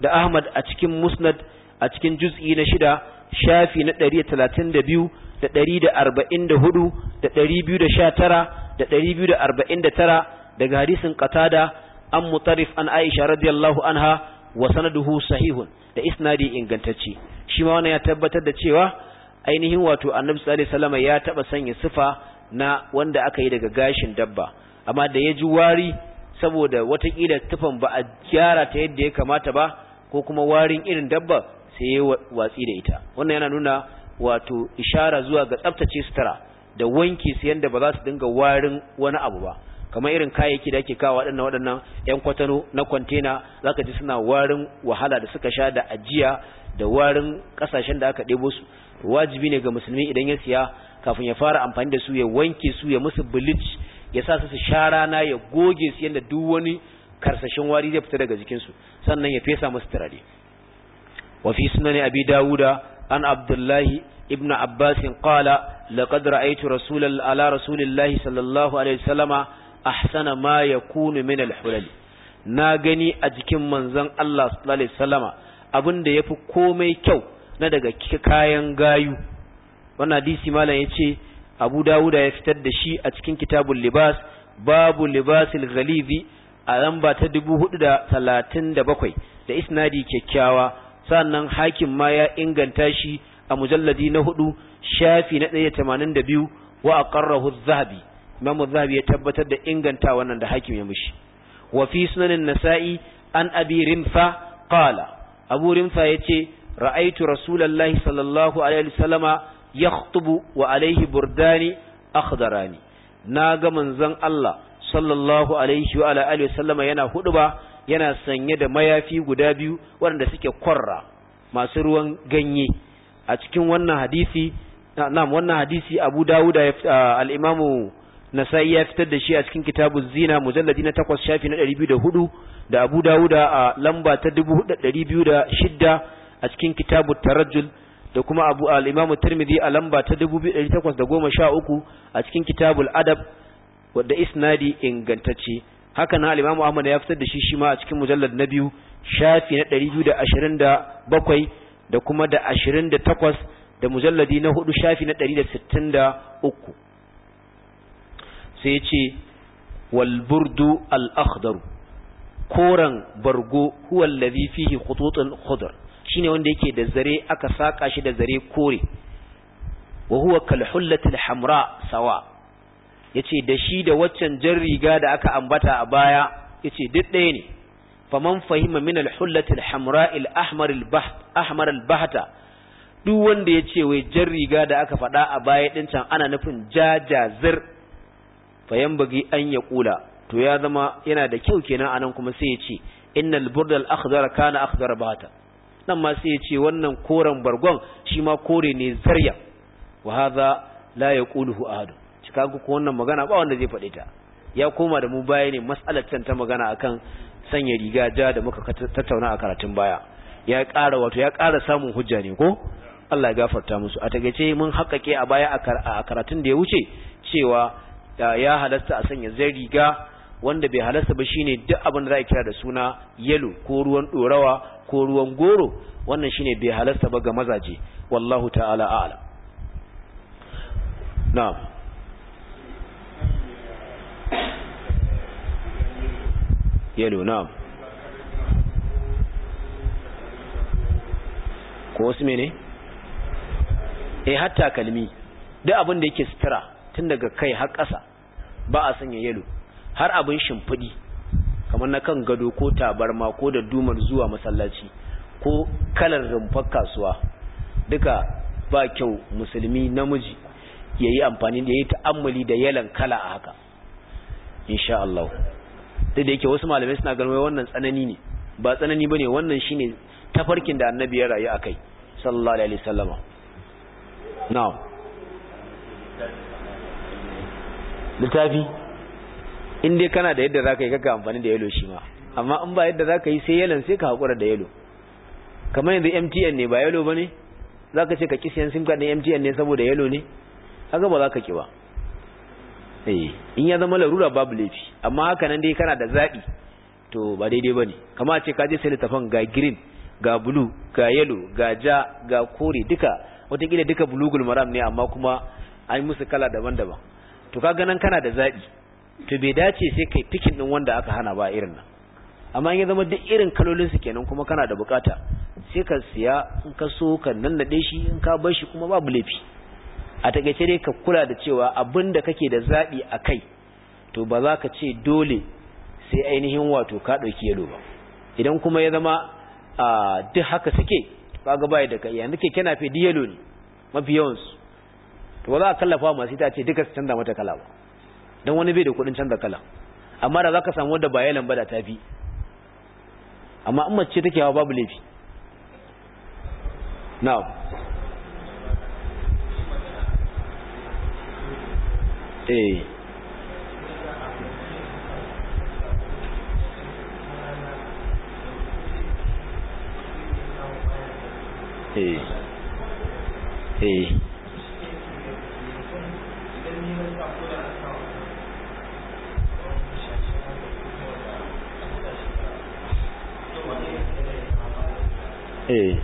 [SPEAKER 1] da ahmad a cikin musnad a cikin juz'i na shida shafi na 132 da 144 da 219 da ɗari biyu da da arba'in tara daga hadisin Katada an mutarif an aisha radiyallahu anha wa sanaduhu sahihun da isnadi ingantacce shi ma wannan ya tabbatar da cewa ainihin wato annabi sallallahu alaihi wasallam ya taba sanya sifa na wanda aka yi daga gashin dabba amma da ya ji wari saboda watakila tufan ba a gyara ta yadda ya kamata ba ko kuma warin irin dabba sai ya watsi da ita wannan yana nuna wato ishara zuwa ga tsaftace sutura da wanke su yanda ba za su dinga warin wani abu ba kamar irin kayayyaki da ake kawo waɗannan waɗannan ƴan kwatano na kwantena zaka ji suna warin wahala da suka sha da ajiya da warin ƙasashen da aka ɗebo su wajibi ne ga musulmi idan ya siya kafin ya fara amfani da su ya wanke su ya musu bleach ya sa su su sha rana ya goge su yanda duk wani karsashin wari zai fita daga jikinsu sannan ya fesa musu turare wa fi abi dawuda an abdullahi ibn abbas qala laqad ra'aytu rasulal ala rasulillahi sallallahu alaihi wasallama ahsana ma yakunu min al na gani a jikin manzon Allah sallallahu alaihi wasallama abin da yafi komai kyau na daga kayan gayu wannan hadisi malam yace Abu Dawuda ya fitar da shi a cikin kitabul libas babu libasil ghalizi a lamba ta 437 da isnadi kyakkyawa sannan hakim ma ya inganta shi a mujalladi na hudu shafi na ɗaya tamanin da biyu wa aqarrahu zahabi imamu zahabi ya tabbatar da inganta wannan da hakim ya mishi wa fi sunanin nasa'i an abi rimfa qala abu rimfa ya ce, ra'aitu Rasulallahi sallallahu alaihi wasallama yakhtubu wa alaihi burdani akhdarani na ga manzon Allah sallallahu alaihi wa alihi wasallama yana huduba yana sanye da mayafi guda biyu waɗanda suke kwarra masu ruwan ganye a cikin wannan hadisi na'am wannan hadisi Abu Dawud al-Imam Nasa'i ya fitar da shi a cikin kitabu Zina mujalladi na 8 shafi na 204 da Abu Dawud a lamba ta shidda a cikin kitabu Tarajjul da kuma Abu al-Imam Tirmidhi a lamba ta 2813 a cikin kitabul Adab wadda isnadi ingantacce haka na alimamu Ahmad ya fitar da shi shi ma a cikin mujallad na biyu shafi na 227 da kuma da 28 da mujalladi na hudu shafi na 163 sai ya ce walburdu al’akhdaru koren bargo huwa allazi fihi khututun shi shine wanda yake da zare aka saka shi da zare kore wa huwa kalhullatul hamra sawa yace da shi da waccan jan riga da aka ambata a baya yace duk ɗaya ne faman fahima min al-hullati ahmar al bahta duk wanda yace wai jan riga da aka faɗa a baya ɗin can ana nufin jajazir fayan bagi an ya kula to ya zama yana da kyau kenan anan kuma sai ya ce innal burdal akhdar kana akhdar bahta nan ma sai ya ce wannan koren bargon shi ma kore ne zarya wa hadha la yaquluhu ahadun kaga ko wannan magana ba wanda zai faɗe ta ya koma da mu baya ne mas'alar can ta magana akan sanya riga ja da muka tattauna a karatun baya ya ƙara wato ya ƙara samun hujja ne ko Allah ya gafarta musu a tagace mun haƙaƙe a baya a karatun da ya wuce cewa ya halasta a sanya zai riga wanda bai halasta ba shine duk abin da za a kira da suna yalo ko ruwan dorawa ko ruwan goro wannan shine bai halasta ba ga mazaje wallahu ta'ala a'lam na'am yellow na ko wasu mene eh hatta kalmi duk abin da yake sutura tun daga kai har ƙasa ba a sanya yellow har abin shimfiɗi kamar na kan gado ko tabarma ko da dumar zuwa masallaci ko kalar rumfar kasuwa duka ba kyau musulmi namiji ya yi amfani da ya yi ta'ammali da yalan kala a haka insha Allah duk da yake wasu malamai suna ganin wannan tsanani ne ba tsanani bane wannan shine tafarkin da annabi ya rayu akai sallallahu alaihi wasallama na'am littafi in dai kana da yadda zaka yi kaka amfani da yalo shi ma amma in ba yadda zaka yi sai yalon sai ka hakura da yalo kamar yanzu MTN ne ba yalo bane zaka ce ka kisiyan sim card ne MTN ne saboda yalo ne kaga ba zaka ki ba Eh, in ya zama larura babu laifi amma haka nan dai kana da zaɓi to ba daidai ne kama ce ka je sai littafin ga green ga blue ga yellow ga ja ga kore duka watakila duka bulugul maram ne amma kuma an musu kala daban-daban to ka ganan kana da zaɓi. to bai dace sai kai tikin din wanda aka hana ba irin nan amma in ya zama duk irin kalolin su kenan kuma kana da bukata sai ka siya in ka so ka nannade shi in ka bar shi kuma babu laifi a takaice dai ka kula da cewa abin da kake da zaɓi a kai to ba za ka ce dole sai ainihin wato ka ɗauki yalo ba idan kuma ya zama a duk haka suke ga bai da kai yanzu keke kena fi yalo ne mafi yawansu to ba za a kallafa masu ita ce duka su canza mata kala ba don wani bai da kuɗin canza kala amma da za ka samu wadda ba lamba da ta fi amma in mace take hawa babu laifi na'am Eh. eh eh eh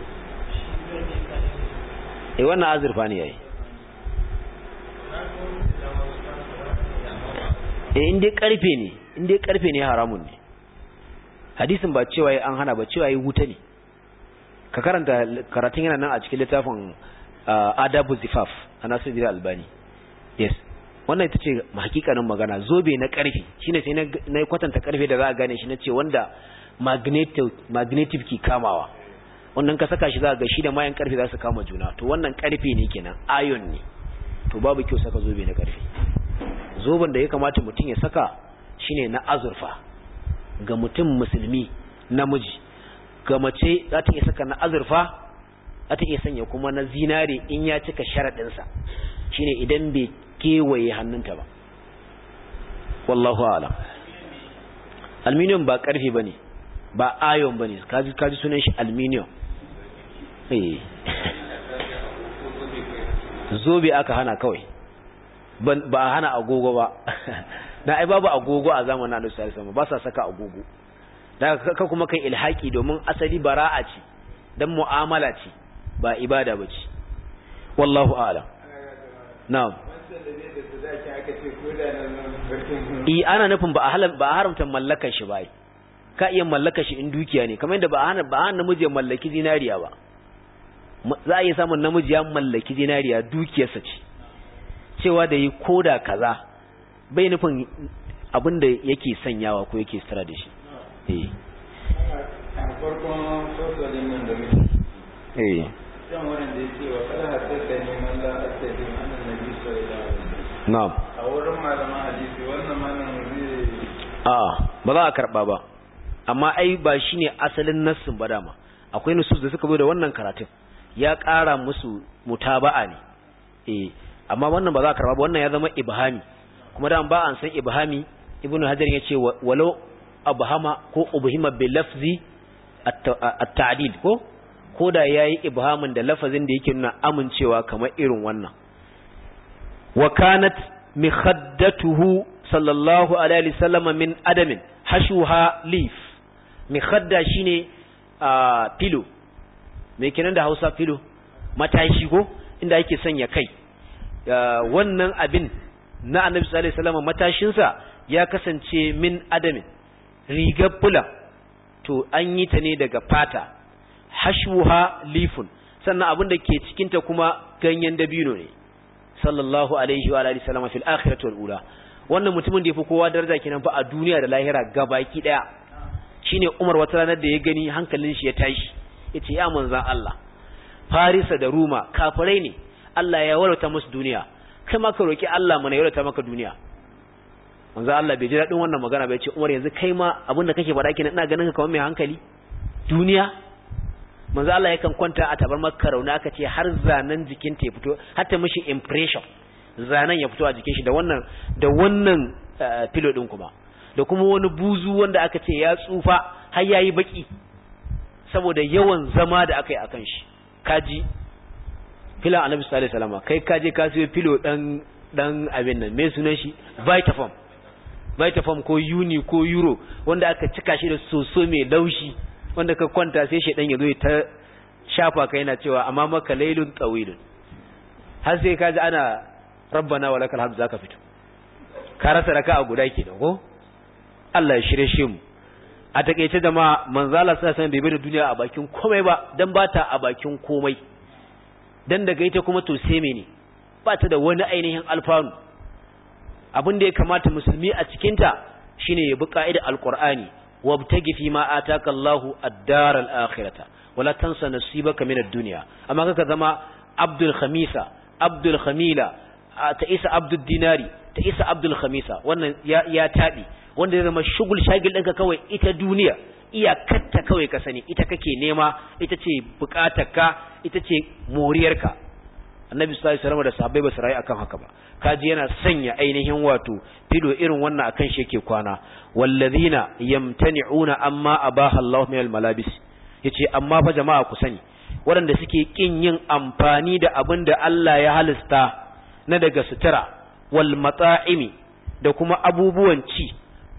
[SPEAKER 1] eh wannan azurfa ne yayi eh in dai karfe ne in dai karfe ne haramun ne hadisin ba cewa an hana ba cewa wuta ne ka karanta karatun yana nan a cikin littafin uh, adabu zifaf a nasiru albani yes wannan ita ce hakikanin magana zobe na karfe shine sai na kwatanta karfe da za a gane shi na ce wanda magnetic ki kamawa wannan ka saka shi za a ga shi da mayan karfe za su kama juna to wannan karfe ne kenan ayon ne to babu kyau saka zobe na karfe zoben da ya kamata mutum ya saka shine na azurfa ga mutum musulmi namiji ga mace za ta iya saka na azurfa za ta iya sanya kuma na zinare in ya cika sharaɗinsa shine idan bai kewaye hannunta ba wallahu alam aluminium ba karfe ba ne ba ayon ba ne kaji sunan shi aluminium eh. zobe aka hana kawai ba a hana agogo ba na ai babu agogo a zamanin Annabi sallallahu alaihi wasallam ba sa saka agogo da ka kuma kai ilhaki domin asali bara'a ce dan mu'amala ce ba ibada ba ce wallahu a'lam na'am i ana nufin ba a haramta mallakar shi bai ka iya mallakar shi in dukiya ne kamar yadda ba a hana ba hana namiji ya mallaki zinariya ba za a iya samun namiji ya mallaki zinariya dukiyarsa ce cewa da yi koda kaza bai nufin abin da yake sanyawa ko yake sutura da shi eh. eh. a ba za a karba ba amma ai ba shi ne asalin nassin ba dama akwai nusus da suka bi da wannan karatun ya ƙara musu mutaba'a ne eh. amma wannan ba za a karba ba wannan ya zama ibhami kuma da ba an san ibhami ibnu hajar ya ce walau abhama ko ubhima bi lafzi at-ta'did ko ko da yayi ibhamin da lafazin da yake nuna amincewa kamar irin wannan wa kanat mikhaddatuhu sallallahu alaihi wasallam min adamin hashuha leaf mikhadda shine pilo me kenan da Hausa filo matashi ko inda yake sanya kai wannan abin na annabi sallallahu alaihi wasallam matashinsa ya kasance min adamin rigar fula to an yi ta ne daga fata hashuha lifun sannan abin da ke cikinta kuma ganyen dabino ne sallallahu alaihi wa alihi sallama fil akhirati wal ula wannan mutumin da yafi kowa daraja kenan fa a duniya da lahira gabaki daya shine Umar wata ranar da ya gani hankalin shi ya tashi yace ya manzan Allah Farisa da Ruma kafirai ne Allah ya warauta musu duniya kai ma ka roki Allah mana ya maka duniya manzo Allah bai ji dadin wannan magana bai ce Umar yanzu kai ma abin da kake faɗa kina ina ganin ka kamar mai hankali duniya manzo Allah yakan kwanta a tabar maka rauna aka ce har zanan jikin ta fito har ta mishi impression zanan ya fito a jikin shi da wannan da wannan filo eh, din kuma da kuma wani buzu wanda aka ce ya tsufa har yayi baki saboda yawan zama da aka yi akan shi kaji fila nabi sallallahu alaihi wasallam kai ka je ka siyo filo dan dan abin nan me sunan shi vitaform vitaform ko uni ko euro wanda aka cika shi da soso mai laushi wanda ka kwanta sai shi dan yazo ta shafa kai yana cewa amma maka lailun tawilun har sai ka ji ana rabbana walakal hamd zaka fito ka rasa raka a guda kenan ko Allah ya shirye shi mu a takeice da ma manzala sallallahu alaihi wasallam bai bai da duniya a bakin komai ba dan bata a bakin komai dan daga ita kuma to sai mene ba ta da wani ainihin alfanu abin da ya kamata musulmi a cikin ta shine ya bi ka'ida alqur'ani wabtagi fi ma ataka Allahu ad-dar al-akhirata wala tansa nasibaka min ad-dunya amma kaka zama abdul khamisa abdul khamila ta isa abdul dinari ta isa abdul khamisa wannan ya ya wanda ya zama shugul shagil ɗinka kawai ita duniya iyakarta kawai ka sani ita kake nema ita ce bukatarka ita ce moriyarka annabi sallallahu alaihi wasallam da sahabbai ba su rayu akan haka ba kaji yana sanya ainihin wato fido irin wannan akan shi yake kwana wallazina yamtani'una amma abaha Allah min almalabis yace amma fa jama'a ku sani waɗanda suke kin yin amfani da abin da Allah ya halista na daga sutura wal mata'imi da kuma abubuwan ci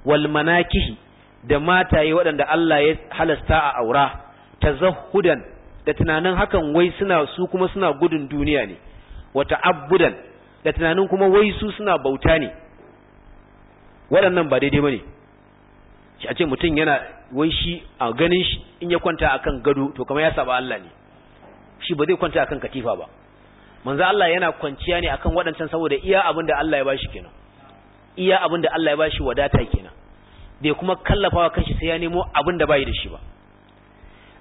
[SPEAKER 1] wal manakihi da mataye waɗanda Allah ya halasta a aura ta zahudan da tunanin hakan wai suna su kuma suna gudun duniya ne wata abudan da tunanin kuma wai su suna bauta ne waɗannan ba daidai ne shi a ce mutum yana wai shi a ganin shi in ya kwanta a kan gado to kamar ya saba Allah ne shi ba zai kwanta a kan katifa ba manzo Allah yana kwanciya ne a kan waɗancan saboda iya abin da Allah ya bashi kenan iya abin da Allah ya bashi wadata kenan bai kuma kallafawa kanshi sai ya nemo abin da bai da shi ba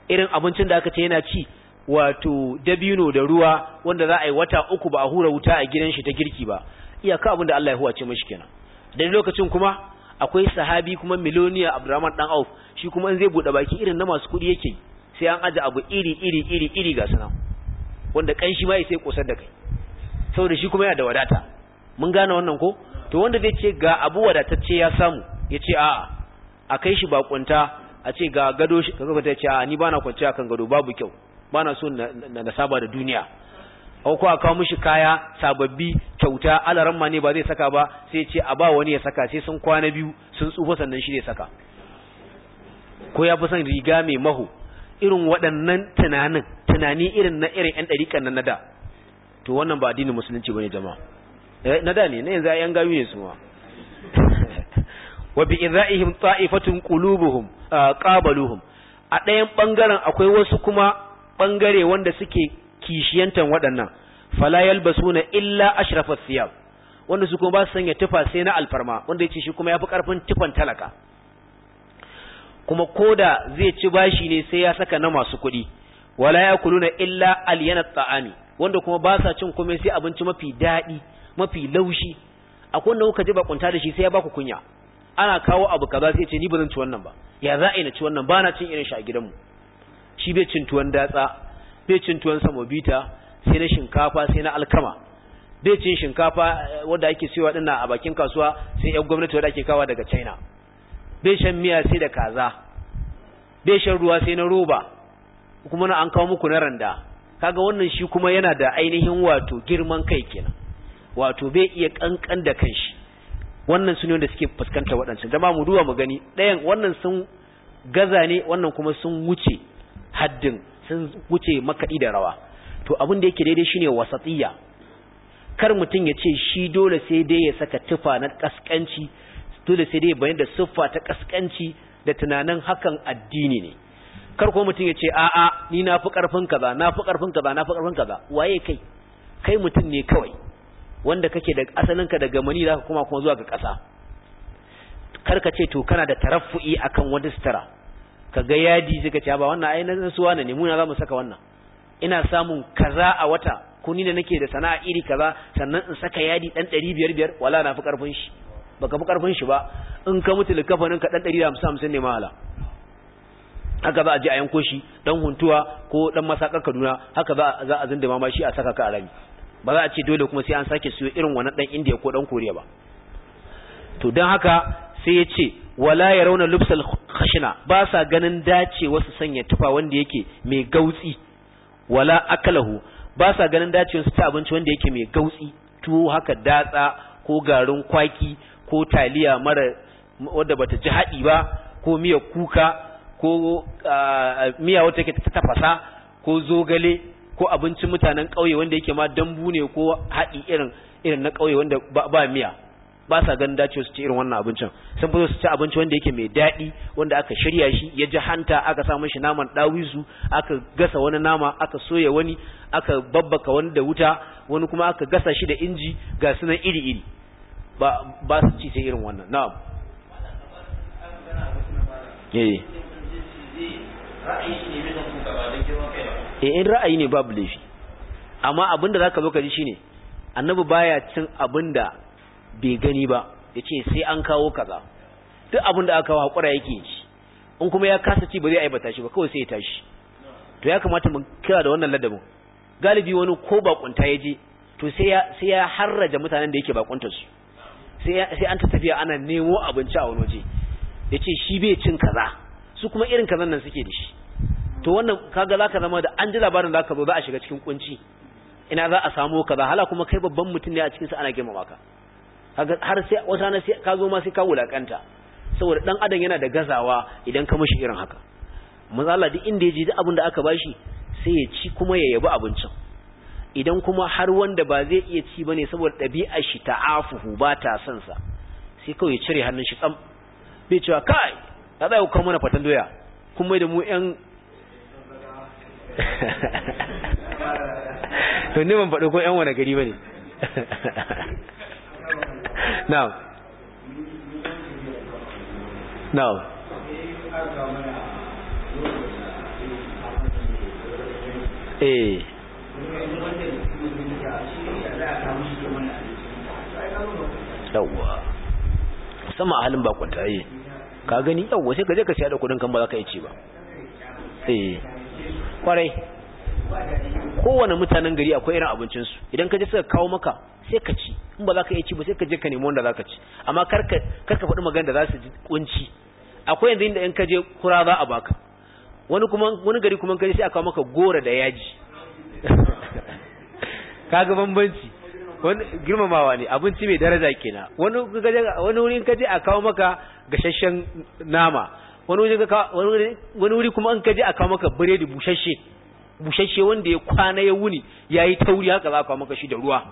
[SPEAKER 1] irin abincin da aka ce yana ci wato dabino da ruwa wanda za a yi wata uku ba a hura wuta a gidan shi ta girki ba iyaka abin da Allah ya huwace mashi kenan da lokacin kuma akwai sahabi kuma miloniya Abdurrahman dan Auf shi kuma in zai bude baki irin na masu kudi yake sai an aje abu iri iri iri iri ga sanan wanda kanshi ma sai kosar da kai saboda shi kuma yana da wadata mun gane wannan ko to wanda zai ce ga abu wadatacce ya samu ya ce a a kai shi bakunta a ce ga gado shi ka ta ce a ni bana kwanciya kan gado babu kyau bana so na saba da duniya ko a kawo mishi kaya sababbi kyauta alaran ma ne ba zai saka ba sai ce a ba wani ya saka sai sun kwana biyu sun tsufa sannan shi zai saka ko ya fi son riga mai maho irin waɗannan tunanin tunani irin na irin yan ɗariƙan nan na da to wannan ba addinin musulunci bane jama'a eh, na da ne na yanzu yan gayu ne su ma wa bi idza'ihim ta'ifatun qulubuhum qabaluhum a ɗayan bangaren akwai wasu kuma bangare wanda suke kishiyantan waɗannan fala yalbasuna illa ashrafa thiyab wanda su kuma ba su sanya tufa sai na alfarma wanda yace shi kuma yafi karfin tufan talaka kuma koda zai ci bashi ne sai ya saka na masu kuɗi wala yakuluna illa alyanat ta'ami wanda kuma ba sa cin komai sai abinci mafi daɗi mafi laushi akwai wanda kuka ji bakunta da shi sai ya baku kunya ana kawo abu kaza sai ce ni ba zan ci wannan ba ya za a yi na ci wannan ba na cin irin shi a gidanmu shi bai cin tuwon datsa bai cin tuwon samobita sai na shinkafa sai na alkama bai cin shinkafa eh, wadda ake siyowa dinnan a bakin kasuwa sai yan gwamnati wadda ake kawo daga china bai shan miya sai da kaza bai shan ruwa sai na roba kuma na an kawo muku na randa kaga wannan shi kuma yana da ainihin wato girman kai kenan wato bai iya kankan da kanshi wannan su ne wanda suke fuskanta waɗancan jama'a mu duba mu gani ɗayan wannan sun gaza ne wannan kuma sun wuce haddin sun wuce makaɗi da rawa to abin da yake daidai shine wasatiyya kar mutum ya ce shi dole sai dai ya saka tufa na ƙasƙanci dole sai dai bayan da siffa ta ƙasƙanci da tunanin hakan addini ne kar ko mutum ya ce a'a ni na fi ƙarfin kaza na fi ƙarfin kaza na fi ƙarfin kaza waye kai kai mutum ne kawai wanda kake da asalinka daga mani zaka kuma kuma zuwa ga ƙasa karka ce to kana da tarafu'i akan wani sutura kaga yadi suka ce ba wannan ai nan suwa ne mu na zamu saka wannan ina samun kaza a wata ko ni nake da sana'a iri kaza sannan in saka yadi dan 1500 biyar wala na fi karfin shi baka fi karfin shi ba in ka mutu likafanin ka dan 150 ne mahala haka za a je a yanko shi dan huntuwa ko dan masakar Kaduna haka za a zinda ma shi a saka ka a ba za a ce dole kuma sai an sake siyo irin wannan dan indiya ko dan koriya ba to don haka sai ya ce wala ya rauna lubsal khashina ba sa ganin dace wasu sanya tufa wanda yake mai gautsi wala akalahu ba sa ganin dace wasu ta abinci wanda yake mai gautsi tuwo haka datsa ko garin kwaki ko taliya mara wadda bata ji haɗi ba ko miya kuka ko ah, miya wata yake ta tafasa ko zogale ko abincin mutanen ƙauye wanda yake ma dambu ne ko haɗi irin irin na ƙauye wanda ba miya ba sa ganin dacewa su ci irin wannan abincin sun fi su ci abinci wanda yake mai daɗi wanda aka shirya shi ya ji hanta aka sa shi naman ɗawisu aka gasa wani nama aka soya wani aka babbaka wani da wuta wani kuma aka gasa shi da inji ga sunan iri-iri ba ba su ci sai irin wannan na'am eh eh in ra'ayi ne babu laifi amma abinda zaka zo ka ji shine annabi baya cin abinda bai gani ba yace sai an kawo kaza duk abinda aka kawo hakura yake ci in kuma ya kasa ci ba zai aibata shi ba kawai sai ya tashi to ya kamata mun kira da wannan ladabin galibi wani ko bakunta ya je to sai ya sai ya harraja mutanen da yake bakuntar su sai sai an tafiya ana nemo abinci a wani waje yace shi bai cin kaza su kuma irin kazan nan suke da shi to wannan kaga zaka zama da an ji labarin zaka zo za a shiga cikin kunci ina za a samu kaza hala kuma kai babban mutum ne a cikin sa ana girmama ka kaga har sai wata na sai ka zo ma sai ka wulakanta saboda dan adam yana da gazawa idan ka mishi irin haka manzo Allah duk inda yaji duk abin da aka bashi sai ya ci kuma ya yabi abincin idan kuma har wanda ba zai iya ci bane saboda ɗabi'ar shi ta'afuhu ba ta son sa sai kawai ya cire hannun shi tsam bai cewa kai ka zai kawo mana fatan doya kuma da mu yan to ne ban faɗo ko ƴan wani gari ba ne now now eh yawwa sama a halin bakwanta yi ka gani yawwa sai ka je ka siya da kudin kan ba za ka yi ci ba eh kwarai kowane mutanen gari akwai irin abincinsu idan ka je suka kawo maka sai ka ci in ba za ka iya ci ba sai ka je ka nemi wanda za ka ci amma kar ka faɗi magana da za su ji kunci akwai yanzu inda in ka je kura za a baka wani kuma wani gari kuma ka je sai a kawo maka gora da yaji kaga bambanci wani girmamawa ne abinci mai daraja kenan wani wuri wurin ka je a kawo maka gashashen nama wani wuri kuma an kaji a kawo maka biredi bushashe bushashe wanda ya kwana ya wuni ya yi tauri haka za a kawo maka shi da ruwa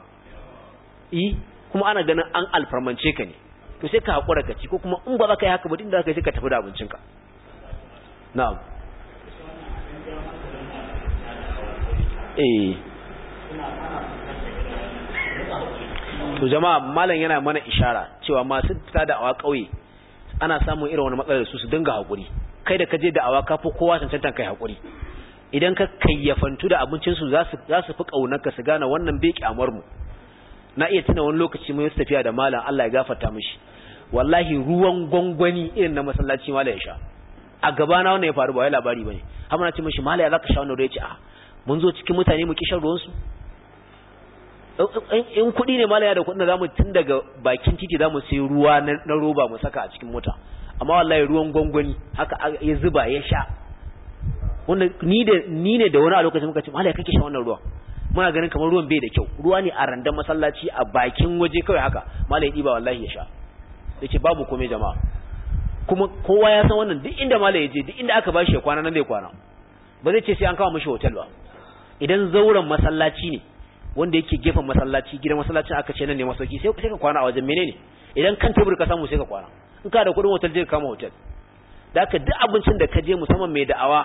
[SPEAKER 1] yi eh, kuma ana ganin an alfarmance ka ne to sai ka haƙura ka ci ko kuma in ba za ka yi haka ba inda za ka yi sai ka tafi da abincinka na'am eh. to jama'a malam yana mana ishara cewa masu fita da awa ƙauye ana samun irin wani matsalar su su dinga haƙuri kai da ka je da awa kafi kowa cancanta kai haƙuri idan ka kayyafantu da abincinsu za su fi ƙaunarka su gane wannan bai kyamar mu na iya tuna wani lokaci mun tafiya da malam Allah ya gafarta mishi wallahi ruwan gwangwani irin na masallaci malam ya sha a gaba na wannan ya faru ba wai labari bane har mun ce mishi malam ya zaka sha wannan ruwa ya ce a mun zo cikin mutane mu kishan ruwan su in kuɗi ne malaya da da zamu tun daga bakin titi zamu sai ruwa na roba mu saka a cikin mota amma wallahi ruwan gongoni haka ya zuba ya sha wanda ni da ni ne da wani a lokacin muka ce malaya kake sha wannan ruwan muna ganin kamar ruwan bai da kyau ruwa ne a randan masallaci a bakin waje kawai haka malaya diba wallahi ya sha yace babu komai jama'a kuma kowa ya san wannan duk inda malaya je duk inda aka bashi ya kwana nan zai kwana ba zai ce sai an kawo mishi hotel ba idan zauren masallaci ne wanda yake gefen masallaci gidan masallacin aka ce nan ne masauki sai ka kwana a wajen menene idan kan tebur ka samu sai ka kwana in ka da kudin hotel je ka kama hotel da ka duk abincin da ka je musamman mai da'awa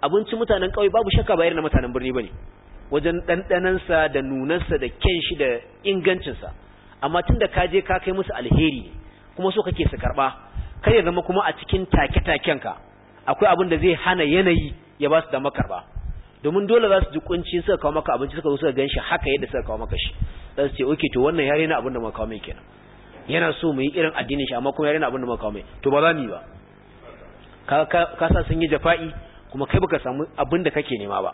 [SPEAKER 1] abinci mutanen kauye babu shakka ba irin na mutanen birni bane wajen ɗanɗanansa da nunansa da kyan shi da ingancin sa amma tun da ka je ka kai musu alheri kuma so kake su karɓa kar ya zama kuma a cikin take taken ka akwai abin da zai hana yanayi ya ba su da karɓa domin dole za su ji kunci suka kawo maka abinci suka zo suka ganshi haka yadda suka kawo maka shi za su ce oke, to wannan yare na abin da muka kawo mai kenan yana so mu yi irin addinin shi amma kuma yare na abin da muka mai to ba za mu yi ba ka sa sun yi jafa'i kuma kai baka samu abin da kake nema ba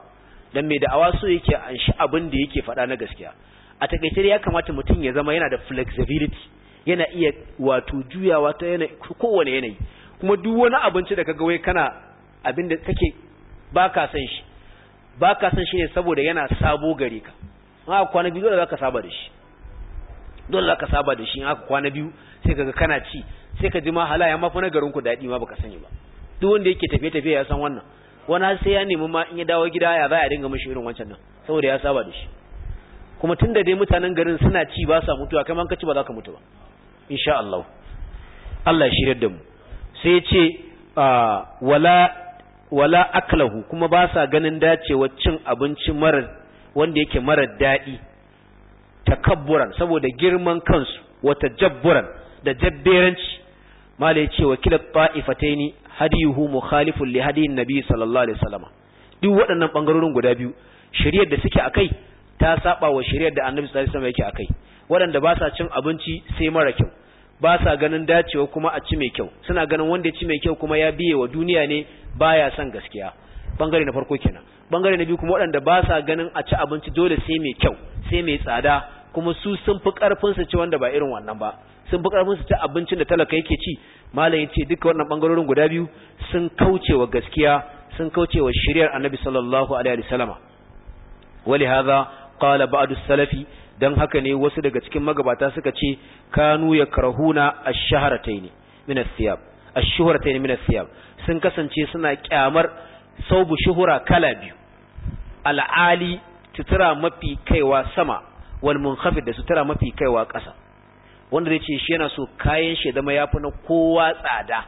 [SPEAKER 1] dan mai da'awa so yake an shi abin da yake faɗa na gaskiya a takaice ya kamata mutum ya zama yana da flexibility yana iya wato juyawa ta yana kowane yanayi kuma duk wani abinci da kaga wai kana abin da kake baka san shi ba ka san shi ne saboda yana sabo gare ka ma kwana biyu dole za ka saba da shi dole za ka saba da shi in aka kwana biyu sai ka ga kana ci sai ka ji ma hala ya mafi na garin ku daɗi ma ba ka sani ba duk wanda yake tafiye-tafiye ya san wannan wani har sai ya nemi ma in ya dawo gida ya za a dinga mishi irin wancan nan saboda ya saba da shi kuma tun da dai mutanen garin suna ci ba sa mutuwa kai ma ka ci ba za ka mutu ba insha Allah Allah ya shirya da mu sai ya ce ah, wala wala aklahu kuma ba sa ganin dacewa cin abinci mara wanda yake mara daɗi takabburan saboda girman kansu wata jabburan da jabberanci mala ya ce wakilar ta'ifataini hadiyuhu mukhalifun li hadiyin nabi sallallahu alaihi wasallam duk waɗannan bangarorin guda biyu shari'ar da suke akai ta saba wa shari'ar da annabi sallallahu alaihi wasallam yake akai waɗanda ba sa cin abinci sai mara kyau ba sa ganin dacewa kuma a ci mai kyau suna ganin wanda ya ci mai kyau kuma ya biye wa duniya ne baya son gaskiya bangare na farko kenan bangare na biyu kuma waɗanda ba sa ganin a ci abinci dole sai mai kyau sai mai tsada kuma su sun fi karfin su ci wanda ba irin wannan ba sun fi karfin su ci abincin da talaka yake ci malam ya ce duka wannan bangarorin guda biyu sun kauce wa gaskiya sun kauce wa shari'ar annabi sallallahu alaihi wasallama wali hadha qala ba'du salafi don haka ne wasu daga cikin magabata suka ce kanu ya karhuna ash-shahratayn min ath-thiyab ash-shuhratayn min sun kasance suna kyamar saubu shuhura kala biyu al'ali sutura mafi kaiwa sama wal munkhafid da sutura mafi kaiwa ƙasa wanda zai ce shi yana so kayan shi zama yafi na kowa tsada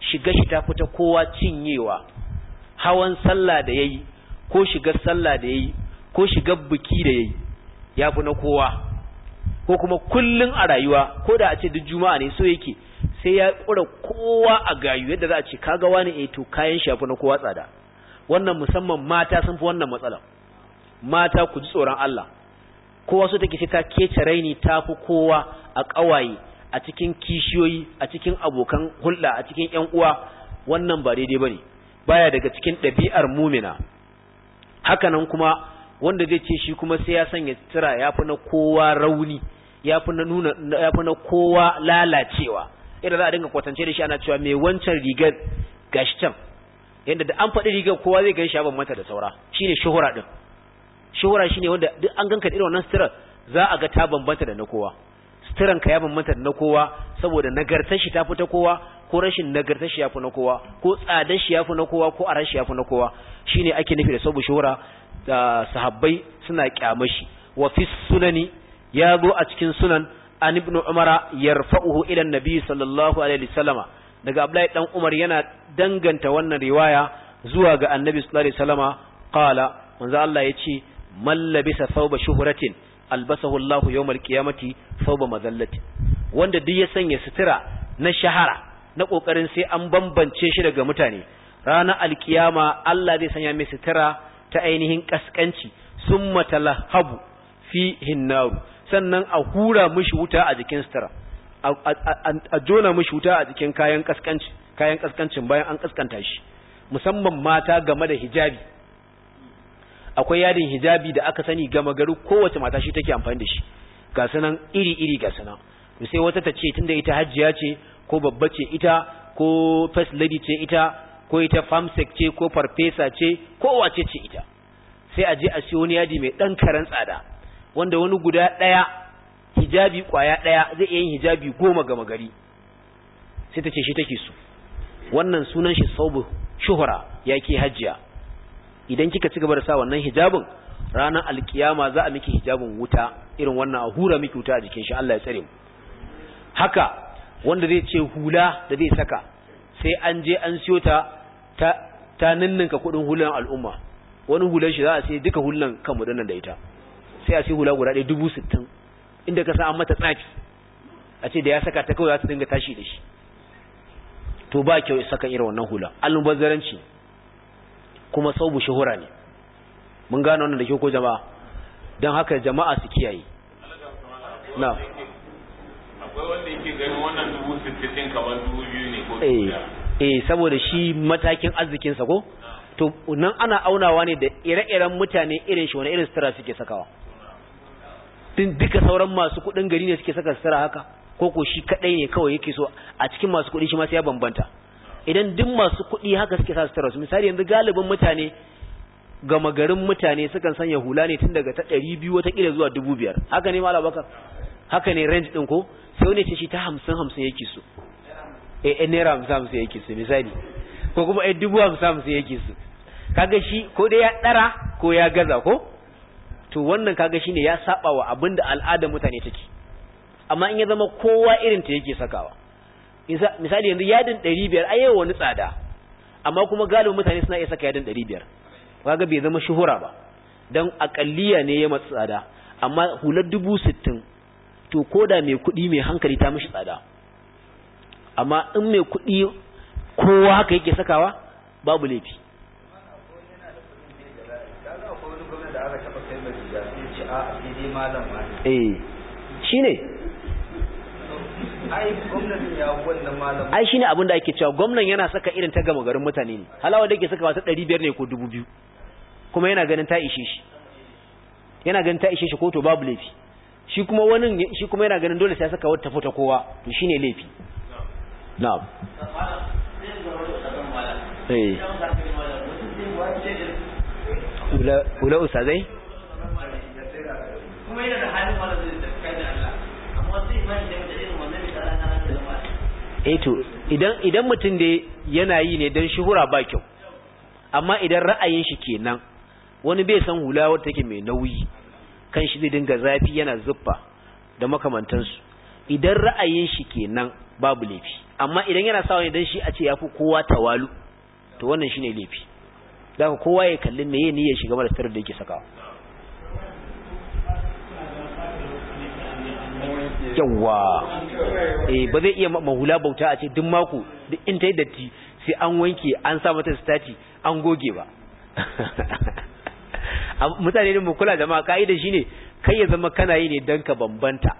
[SPEAKER 1] shiga shi ta fita kowa cinyewa hawan sallah da yayi ko shiga sallah da yayi ko shiga biki da yayi ya fi na kowa ko kuma kullun a rayuwa ko da a ce duk juma'a ne so yake sai ya kura kowa a gayu yadda za a ce kaga wani eh to kayan shi ya fi na kowa tsada wannan musamman mata sun fi wannan matsala mata ku ji tsoron Allah kowa so take sai ta kece raini ta fi kowa a ƙawaye a cikin kishiyoyi a cikin abokan hulɗa a cikin ƴan uwa wannan ba daidai bane baya daga cikin ɗabi'ar mumina hakanan kuma wanda zai ce shi kuma sai ya sanya sutura ya fi na kowa rauni ya fi na nuna ya fi na kowa lalacewa idan za a dinga kwatance da shi ana cewa mai wancan rigar gashi can yadda da an faɗi rigar kowa zai gan shi ban mata da saura shine shuhura din shuhura shine wanda duk an ganka da irin wannan sutura za a ga ta bambanta da na kowa suturan ka ya bambanta da na kowa saboda nagartar shi ta fi ta kowa ko rashin nagartar shi ya fi na kowa ko tsadar shi ya fi na kowa ko aran shi ya fi na kowa shine ake nufi da sabu shuhura sahabbai suna kyamashi wa fi sunani ya zo a cikin sunan an ibn umara yarfa'uhu ila nabi sallallahu alaihi wasallama daga abdullahi dan umar yana danganta wannan riwaya zuwa ga annabi sallallahu alaihi wasallama qala manzo Allah yace man labisa thawba shuhratin albasahu Allahu yawmal qiyamati thawba madallati wanda duk ya sanya sutura na shahara na kokarin sai an bambance shi daga mutane ranar alkiyama Allah zai sanya mai sutura ta ainihin kaskanci matala Habu fi hinnaru sannan a hura mishi wuta a jikin sutura a jona mishi wuta a jikin kayan kaskanci bayan an kaskanta shi musamman mata game da hijabi akwai yadin hijabi da aka sani gama gari kowace mata shi take amfani da shi ga sanan iri iri ga sanan sai wata ta ce tun da ita hajjiya ce ko babba ce ita ko first lady ce ita ko ita famsek ce ko farfesa ce ko wace ce ita sai a je a siyo wani yadi mai dan karen tsada wanda wani guda ɗaya hijabi kwaya ɗaya zai iya yin hijabi goma gama gari sai ta ce shi take su. wannan sunan shi saubu shuhura yake hajjiya idan kika ci gaba da sa wannan hijabin ranar alkiyama za a miki hijabin wuta irin wannan a hura miki wuta a jikin shi Allah ya tsare mu haka wanda zai ce hula da zai saka sai an je an siyo ta ta ninninka kudin hulan al'umma wani hulan shi za a sai duka hulan kan mudanar da ita sai a sai hula guda ɗaya dubu sittin inda ka sa an mata tsaki a ce da ya saka ta kawai za su dinga tashi da shi to ba kyau ya saka irin wannan hula almubazzaranci kuma saubu shahura ne mun gane wannan da ke ko jama'a don haka jama'a su kiyaye
[SPEAKER 2] na akwai wanda yake ganin wannan dubu sittin kamar dubu biyu ne ko eh.
[SPEAKER 1] eh saboda shi matakin arzikin sa ko to nan ana aunawa ne da ire-iren mutane irin shi wani irin sutura suke sakawa din duka sauran masu kudin gari ne suke saka sutura haka ko ko shi kadai ne kawai yake so a cikin masu kudi shi ma sai ya bambanta idan duk masu kudi haka suke sa sutura su misali yanzu galibin mutane gama garin mutane sukan sanya hula ne tun daga ta 200 wata kila zuwa 5000 haka ne mallam haka ne range din ko sai wani ce shi ta 50 50 yake so Eh, eh naira hamsin hamsin yake su misali ko kuma eh, dubu hamsin hamsin yake su kaga shi ko dai ya ɗara ko ya gaza ko to wannan kaga shi ne ya saba wa abin da al'adar mutane take amma in ya zama kowa irin ta yake sakawa misali yanzu yadin ɗari biyar a yau wani tsada amma kuma galibin mutane suna iya saka yadin ɗari biyar kaga bai zama shuhura ba don akalliya ne ya matsada amma hular dubu sittin to koda mai kuɗi mai hankali ta mishi tsada amma in mai kuɗi kowa haka yake sakawa babu laifi eh ne. ai ne abin da ake cewa gwamnan yana saka irin ta gama garin mutane ne halawa da ke saka wata 500 ne ko 2000 kuma yana ganin ta ishe shi yana ganin ta ishe shi ko to babu laifi shi kuma wani shi kuma yana ganin dole sai saka wata fota kowa to shi ne laifi نعم ولا ولا da idan mutum da yana yi ne dan shuhura ba kyau amma idan ra'ayin shi kenan wani bai san hula wata take mai nauyi kan shi zai dinga zafi yana zuffa da makamantansu idan ra'ayin shi kenan babu laifi amma idan yana sawa ne shi a ce ya fi kowa tawalu to wannan shine laifi ku kowa ya kalli meye niyyar shiga game da da yake sakawa yawa eh ba zai iya mahula bauta a ce duk mako duk in ta yi datti sai an wanke an sa mata stati an goge ba mutane ne mu kula jama'a ka'ida shine kai ya zama kana yi ne dan ka bambanta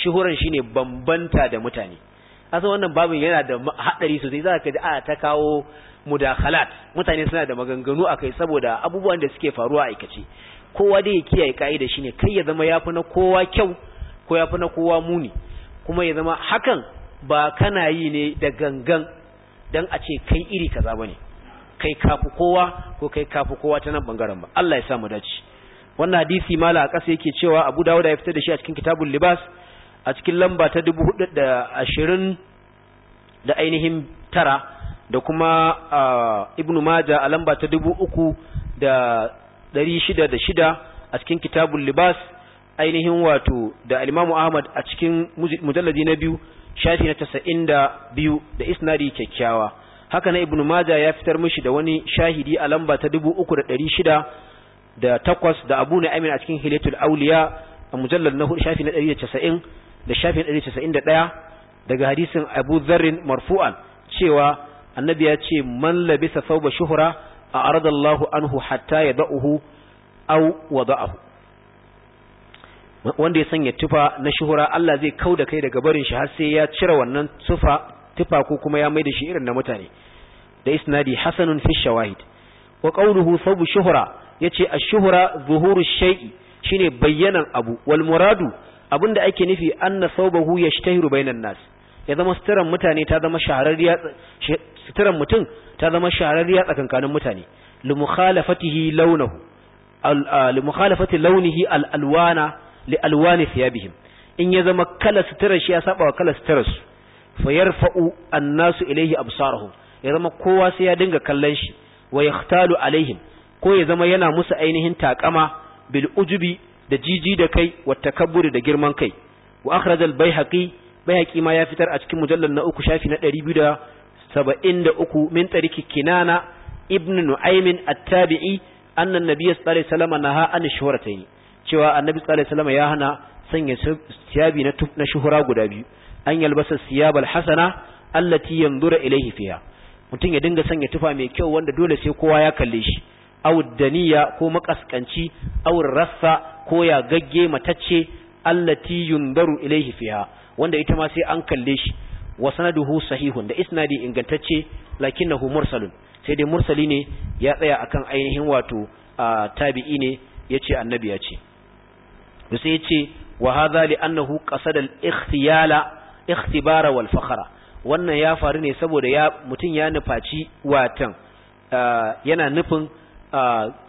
[SPEAKER 1] shuhuran shine bambanta da mutane Asan wannan babin yana da haɗari sosai za ka ji a ta kawo mudakhalat mutane suna da maganganu akai saboda abubuwan da suke faruwa aikace kowa dai ya kiyaye ka'ida shine kai ya zama yafi na kowa kyau ko yafi na kowa muni kuma ya zama hakan ba kana yi ne da gangan dan a ce kai iri kaza bane kai kafi kowa ko kai kafi kowa ta nan bangaren ba Allah ya sa mu dace wannan hadisi mala a ƙasa yake cewa Abu Dawud ya fitar da shi a cikin kitabul libas a cikin lamba ta dubu hudu da ashirin da ainihin tara da kuma ibnu maja a lamba ta dubu uku da dari shida da shida a cikin kitabun libas ainihin wato da alimamu ahmad a cikin mujalladi na biyu shafi na tasa'in da biyu da isnadi kyakkyawa haka na ibnu maja ya fitar mishi da wani shahidi a lamba ta dubu uku da dari shida da takwas da abu na amin a cikin hilatul auliya a mujallar na hudu shafi na dari da casa'in da shafin casa'in da 191 daga hadisin Abu Dharr marfu'an cewa annabi ya ce man labisa thawba shuhra a aradallahu anhu hatta yada'uhu aw wada'ahu wanda ya sanya tufa na shuhura Allah zai da kai daga barin shi har sai ya cire wannan tufa tufa ko kuma ya mai da shi irin na mutane da isnadi hasanun fi shawahid wa qawluhu thawbu shuhura yace ash shuhura zuhuru shay'i shine bayyanan abu wal muradu abinda ake nufi anna saubahu yashtahiru bainan nas ya zama sitiran mutane ta zama shahararriya sitiran mutum ta zama shahararriya tsakankanin mutane limukhalafatihi launahu limukhalafati launihi al-alwana li alwani thiyabihim in ya zama kala sitirar shi ya saba wa kala sitirar su fayarfa'u annasu ilaihi absarahum ya zama kowa sai ya dinga kallon shi wa yahtalu alaihim ko ya zama yana musu ainihin takama bil ujubi da jiji da kai wa takabburi da girman kai wa akhraj al bayhaqi ma ya fitar a cikin mujallal na uku shafi na 273 min tariki kinana ibn nu'aym at-tabi'i anna an sallallahu alaihi wasallam naha an cewa annabi sallallahu alaihi wasallam ya hana sanya siyabi na na shuhura guda biyu an yalbasa siyabal al-hasana allati yanzura ilayhi fiha mutum ya dinga sanya tufa mai kyau wanda dole sai kowa ya kalle shi aw daniya ko makaskanci aw rassa ko ya gagge matacce allati yundaru ilaihi fiha wanda ita ma sai an kalle shi wa sanaduhu sahihun da isnadi ingantacce lakinnahu mursalun sai dai mursali ne ya tsaya akan ainihin wato tabi'i ne yace annabi ya ce sai yace wa hadha li annahu qasada al ikhtiyala ikhtibara wal fakhra wannan ya faru ne saboda ya mutun ya nufaci watan yana nufin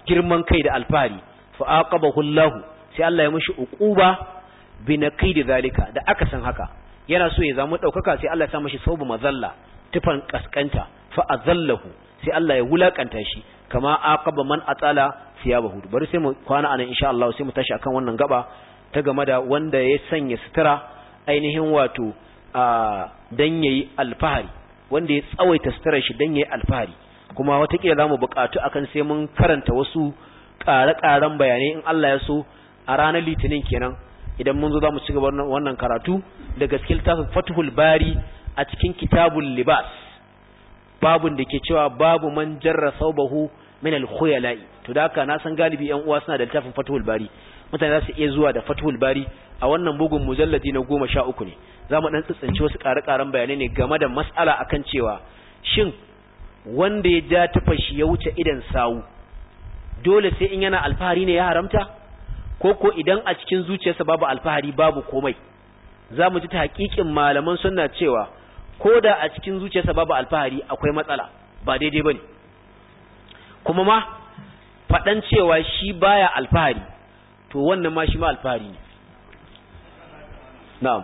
[SPEAKER 1] girman kai da alfahari. fa aqabahu Allah sai Allah ya mishi uquba bi naqid zalika da aka san haka yana so ya zamu daukaka sai Allah ya sa mishi saubu mazalla tufan kaskanta fa azallahu sai Allah ya wulakanta shi kama aqaba man atala siyabahu bari sai mu kwana anan insha Allah sai mu tashi akan wannan gaba ta game da wanda ya sanya sutura ainihin wato dan yayi alfahari wanda ya tsawaita sutura shi dan yayi alfahari kuma wata kila zamu bukatu akan sai mun karanta wasu ƙare-ƙaren bayanai in Allah ya so a ranar litinin kenan idan mun zo za mu ci gaba wannan karatu da gaske littafin fatuhul bari a cikin kitabul libas babun da ke cewa babu man jarra saubahu min al to da haka na san galibi yan uwa suna da littafin fatuhul bari mutane za su iya zuwa da fatuhul bari a wannan bugun mujalladi na goma sha uku ne za mu ɗan tsitsinci wasu ƙare-ƙaren bayanai ne game da mas'ala akan cewa shin wanda ya ja tafashi ya wuce idan sawu dole sai in yana alfahari ne ya haramta ko ko idan a cikin zuciyarsa babu alfahari babu komai za mu ji ta hakikin malaman sunna cewa ko da a cikin zuciyarsa babu alfahari akwai matsala ba daidai ba ne? kuma ma faɗan cewa shi baya alfahari to wannan ma shi ma alfahari ne na'am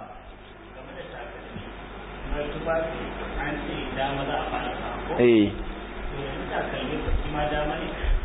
[SPEAKER 1] eh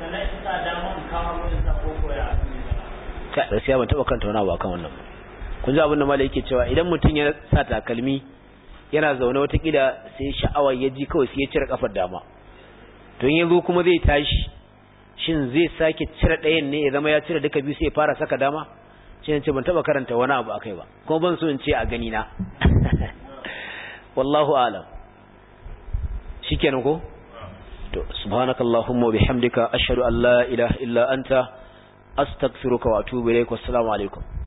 [SPEAKER 2] sannan shi ban taba wani abu
[SPEAKER 1] wannan kun ji abin da malai yake cewa idan mutum ya sa takalmi yana zaune wata kida sai sha'awar ya ji kawai sai ya cire kafar dama to in yazo kuma zai tashi shin zai sake cire ɗayan ne ya zama ya cire duka biyu sai ya fara saka dama shi ce ban taba karanta wani abu akai ba kuma ban so in ce a gani na wallahu alam shikenan ko to subhanakallahumma wa bihamdika ashhadu an la ilaha illa anta astaghfiruka wa atubu ilaik wassalamu alaikum